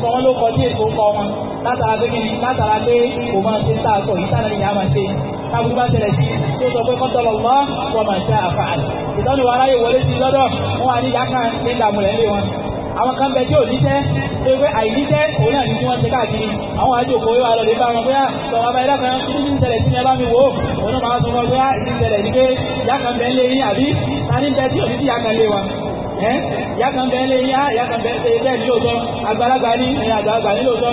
[SPEAKER 1] wọn ló kọ sí èkó kọ wọn látara pé kí ni látara pé kò máa ṣe ń tà sọ yìí tànà ìyá máa ṣe táwọn bá ṣẹlẹ̀ sí tó sọ pé kọ́tọ̀lọ̀ mọ́ wọn máa ṣe àfààní ìtọ́ni wa aráyè wọlé sí lọ́dọ̀ wọn wà ní ìyáka ní ìdààmúlẹ̀ ilé wọn àwọn kan bẹ tí ò níṣẹ́ tó pé àìníṣẹ́ òun náà ní tí wọ́n ṣe káàkiri àwọn àjòkó yóò lọ lè bá wọn bóyá ah, sọ wọn bá ilé kan kí ní ìṣẹ̀lẹ̀ sí ni ẹ bá mi wò ó òun náà máa sọ wọn bóyá ah, ìṣẹ̀lẹ̀ ní pé ìyá kan bẹ ń lé yín àbí ta ní bẹ tí ò ní sí ìyá kan lé wọn ìyá kan bẹ ń lé yín á ah, ìyá kan bẹ ń lé ní lóòótọ́ àgbàlagbà ní àgbàlagbà ní lóòótọ́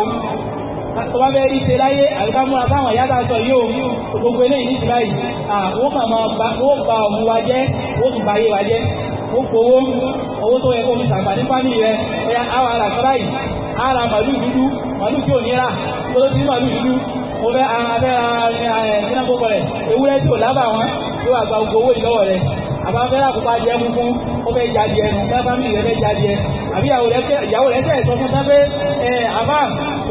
[SPEAKER 1] ń bọ̀ tó bá fẹ́ rí ṣe láyé àbíká múra báwọn ìyá dájọ́ yóò gbogbo eléyìí ní ìtura yìí àwọn kan máa ba ọmọ wa jẹ́ ó sì ba ayé wa jẹ́ ó kówó owó tó yẹ kó fi sàǹfààní fámìlì rẹ ẹ̀yà àwọn àràkọ́rá yìí ara màlúù dúdú màlúù tí ò nira tó ló ti ní màlúù dúdú mo fẹ́ abẹ́ ẹ̀ẹ́dínà kókó rẹ̀ ewúrẹ́ tí ò lábà wọn tó wà gba gbogbo owó ìlọ́wọ́ rẹ̀ àbáfẹ́ àkópa jẹ́ fúnfún ó fẹ́ jáde ẹnu fẹ́ fámìlì rẹ̀ fẹ́ jáde ẹ àbí ìyàwó rẹ̀ tẹ̀ sọ fún sáfẹ́ ẹ̀ àbá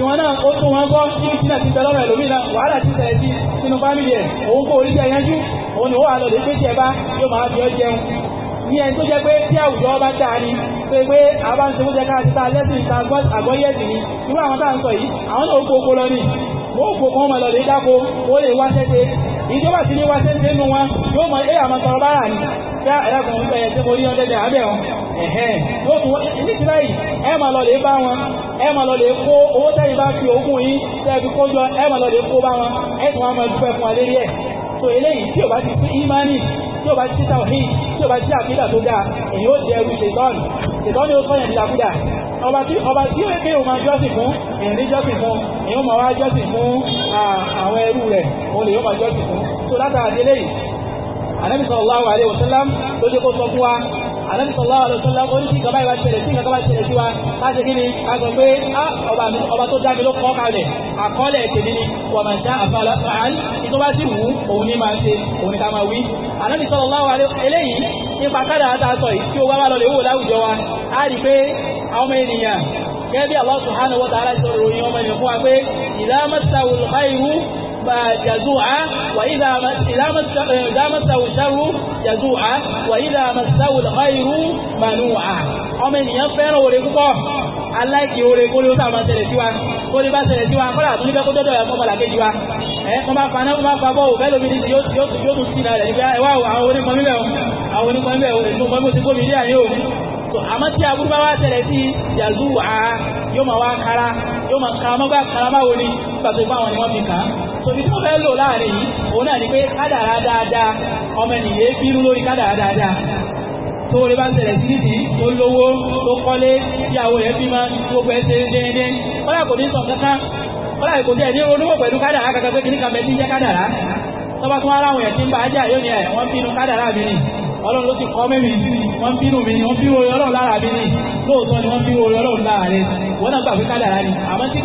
[SPEAKER 1] tiwọn náà ó tún wọn kọ́ nínú sínú àti ìfẹ́ lọ́rọ̀ ẹlòmíì náà wàhálà ti tẹ̀lé sí sínú fámìlì ẹ̀ òun kó orí jẹyanjú òun ni ó wà lọ́dẹ pé jẹ bá yóò máa fi ọ jẹun ní ẹni tó jẹ pé tí àwùjọ bá dáa ni pé pé àbá ká àti tá a lẹ́sìn ìta àgbọ́yẹ̀sì ni irú àwọn tá à ń sọ yìí àwọn náà ó gbogbo lọ ni ó gbogbo wọn máa lọ́dẹ dáko ó lè wá sẹ́sẹ́ ìjọba sì ní wá sẹ́sẹ́ nínú wọn yóò mọ ẹ̀yà máa tọrọ bára ni bí ẹ̀rọ kan ń tí mo rí ọ́n dẹ́dẹ́ ẹ̀hẹ́n yóò tún nítorí báyìí ẹ máa lọ lè bá wọn ẹ máa lọ lè kó owó tẹ́yìn bá fi ogún yín tẹ́ẹ̀fi kójọ ẹ máa lọ lè kó bá wọn ẹ tún wọn máa dúpẹ́ fún wa lérí ẹ̀ so eléyìí tí ò bá ti sí imani tí ò bá ti sí tawhid tí ò bá ti sí àkídà tó dáa èyí ó jẹ ẹrú ṣètọ́nù ṣètọ́nù ó sọ̀yàn ìlàkúdà ọba tí ọba tí ó ké òun jọ́sìn fún ẹ̀rí jọ́sìn fún èyí ma wá jọ́sìn fún àwọn ẹrú rẹ̀ òun lè yóò ma jọ́sìn fún tó látara délé yìí Ànábì sallallahu alaihi wasallam ló jẹ́ kó sọ fún wa Ànábì sallallahu alaihi wasallam oríṣi ìkàbá ìwà ṣẹlẹ̀ sí ìkàbá ṣẹlẹ̀ sí wa láti kí ni a sọ pé ah, ọba tó dá mi ló kọ́ kalẹ̀ àkọọ́lẹ̀ àwọn ènìyàn gẹ́gẹ́ bí Allah subhanahu wa ta'ala ṣe ròyìn ọmọ ènìyàn fún wa pé idha massahu jazua wa idha masahu al-khayru manua ọmọ ènìyàn fẹ́ràn oore púpọ̀ aláìkí oore kó ló sáà máa ṣẹlẹ̀ sí wa kó lè bá ṣẹlẹ̀ sí wa kọ́lá àtúndí fẹ́ kó tọ́jọ́ ẹ̀ fọ́pàlà kejì wa ẹ̀ wọ́n bá faná wọ́n bá fa bọ́ọ̀ fẹ́ lómi yo. yóò tún sí náà rẹ̀ nígbà ẹ̀wá àwọn oníkan níbẹ̀ o àwọn oníkan níbẹ̀ o èso mọ́mí ti gómìnir àyè o so amati tí ba wa wá si sí Yo wà á yóò máa wá kára yóò máa kára mọ́gbà kára máwo ni pàtó ìpá ni wọ́n fi kà so ibi tí wọ́n fẹ́ lò láàrin yìí òun náà ni pé kádàrá dáadáa ọmọ ènìyàn bínú lórí kádàrá dáadáa tó o bá ń tẹ̀lẹ̀ sí ìdí tó lówó tó kọ́lé ìyàwó gbogbo ẹ̀ ṣe kọ́lá kò ní sọ kankan kọ́lá kò ní ẹ̀dínwó pẹ̀lú kádàrá kankan pé kìnnìkan bẹ́ẹ̀ ti jẹ́ kádàrá tọ́ba ara wọn ti bá ajá yóò ní ẹ̀ ni ọlọ́run ló ti kọ́ wọ́n bínú ni wọ́n bínú orí ọlọ́run lára mi ni ni wọ́n bínú orí ọlọ́run ni àmọ́ tí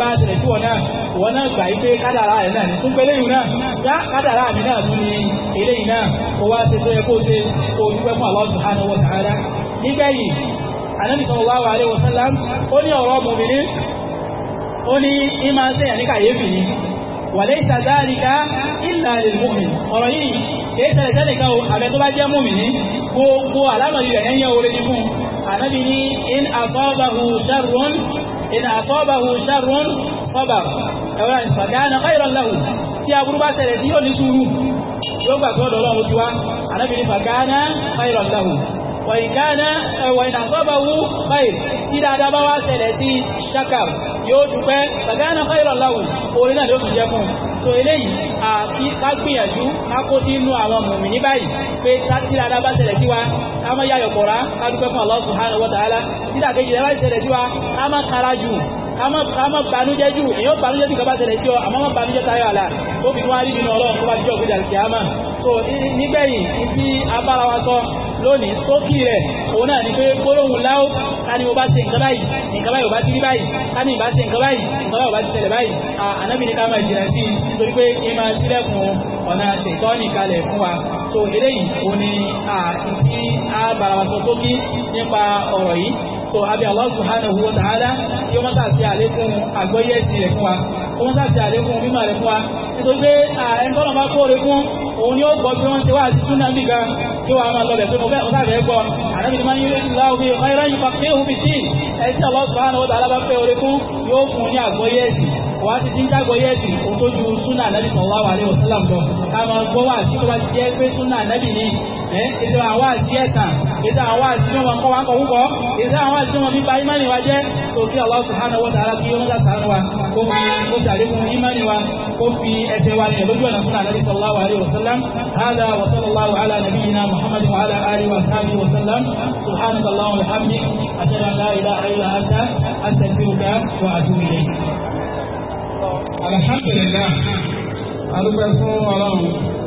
[SPEAKER 1] bá ṣẹlẹ̀ sí ìwọ náà gbà yí pé kádàrá rẹ̀ náà ní tún pé lẹ́yìn náà yá kádàrá mi náà tún ní eléyìí náà kó wá ṣe tó yẹ kó ṣe kó dúpẹ́ fún Allah subhanahu wa ta'ala nígbẹ̀yìn Ànábì sallallahu alaihi wasallam ó ní ọ̀rọ̀ mọ̀mìnir ó ní ìmá ń ní kàyéfì ni wàlẹ́ ìsàdáríká ìlà ẹ̀rọ ìfàdáyàn káyọ̀rọ̀ lẹ́wù tí aburú bá tẹ̀lẹ̀ tí yóò ní sùúrù yóò gbà tó dọ̀lọ́ ọmọ tiwa anábìrin fàgáná káyọ̀rọ̀ lẹ́wù wọ̀nyíkáná ẹ̀wọ̀n àgbàbáwú báyìí tí dáadáa bá wá tẹ̀lẹ̀ tí ṣakar yóò dúpẹ́ fàgáná káyọ̀rọ̀ lẹ́wù orin náà ló fi jẹ́ fún un so eléyìí àti kágbìyànjú kákó tí inú àwọn mùmí ní báyìí pé tí dáadáa bá tẹ̀lẹ̀ sí wa ká mọ́ yáyọ̀ pọ̀ra ká dúpẹ́ fún Allah subhanahu wa ta'ala tí dàkejì dáadáa bá tẹ̀lẹ̀ sí wa ká mọ́ kára jù kámọ́ banújẹ́ jù èyàn banújẹ́ jù kaba tẹ̀lé jọ àmọ́ wọn banújẹ́ tayọ àlà tó fi wọn rí nínú ọlọ́run tó bá jọ gbé jàlùkì àmà so nígbẹ̀yìn ibi abára wa sọ lónìí sókì rẹ̀ òun náà ni pé gbólóhùn láwó ká ní mo bá ṣe nǹkan báyìí nǹkan báyìí ò bá ti rí báyìí ká ní ìbá ṣe nǹkan báyìí nǹkan báyìí ò bá ti tẹ̀lé báyìí ànábì ní ká máa jìnnà sí nítorí pé kí n máa sílẹ̀kùn ọ̀nà ṣètọ́nì kalẹ̀ fún wa so eléyìí òun ni àti tí a bàrà wa sọ sókí nípa ọ̀rọ̀ yìí so abẹ́ Allah subhanahu wa ta'ala kí wọ́n sá sí àlékún àgbọ́yé ẹ̀sìn rẹ̀ fún wa kí wọ́n sá sí àlékún mímọ̀ rẹ̀ fún wa nítorí pé ẹni tọ́nà bá kóore fún òun ni ó gbọ́ pé wọ́n ti wá àti súnà bí gan kí wọ́n á máa lọlẹ̀ pé mo fẹ́ ọ̀sá rẹ̀ gbọ́ àdábì ni máa ń yí láwù bí ọ̀rẹ́ wàá ti dín jágbọ́ yẹ́sì òun tó ju súnà ànábì sallallahu alaihi wasallam lọ ká máa gbọ́ wà sí tó bá ti jẹ́ pé súnà ànábì ni ẹ ètò àwọn àti ẹ̀tàn ètò àwọn àti tí wọn kọ́ wa kọ́ púpọ̀ ètò àwọn àti tí wọn fi ìmánì wa jẹ́ tòkí Allah subhanahu wa ta'ala kí wọ́n sàánù wa kó fi kó sàlékún ìmánì wa kó fi ẹsẹ̀ wa nílẹ̀ lójú ọ̀nà fún ànábì sallallahu alaihi wasallam hada wa sallallahu ala nabiyyina muhammadu wa ala alihi wa sahbihi wa sallam wa ta'ala alhamdi àti la ilaha illa anta astaghfiruka wa alhamdulilayi alúpẹ̀ fún ọlọ́run.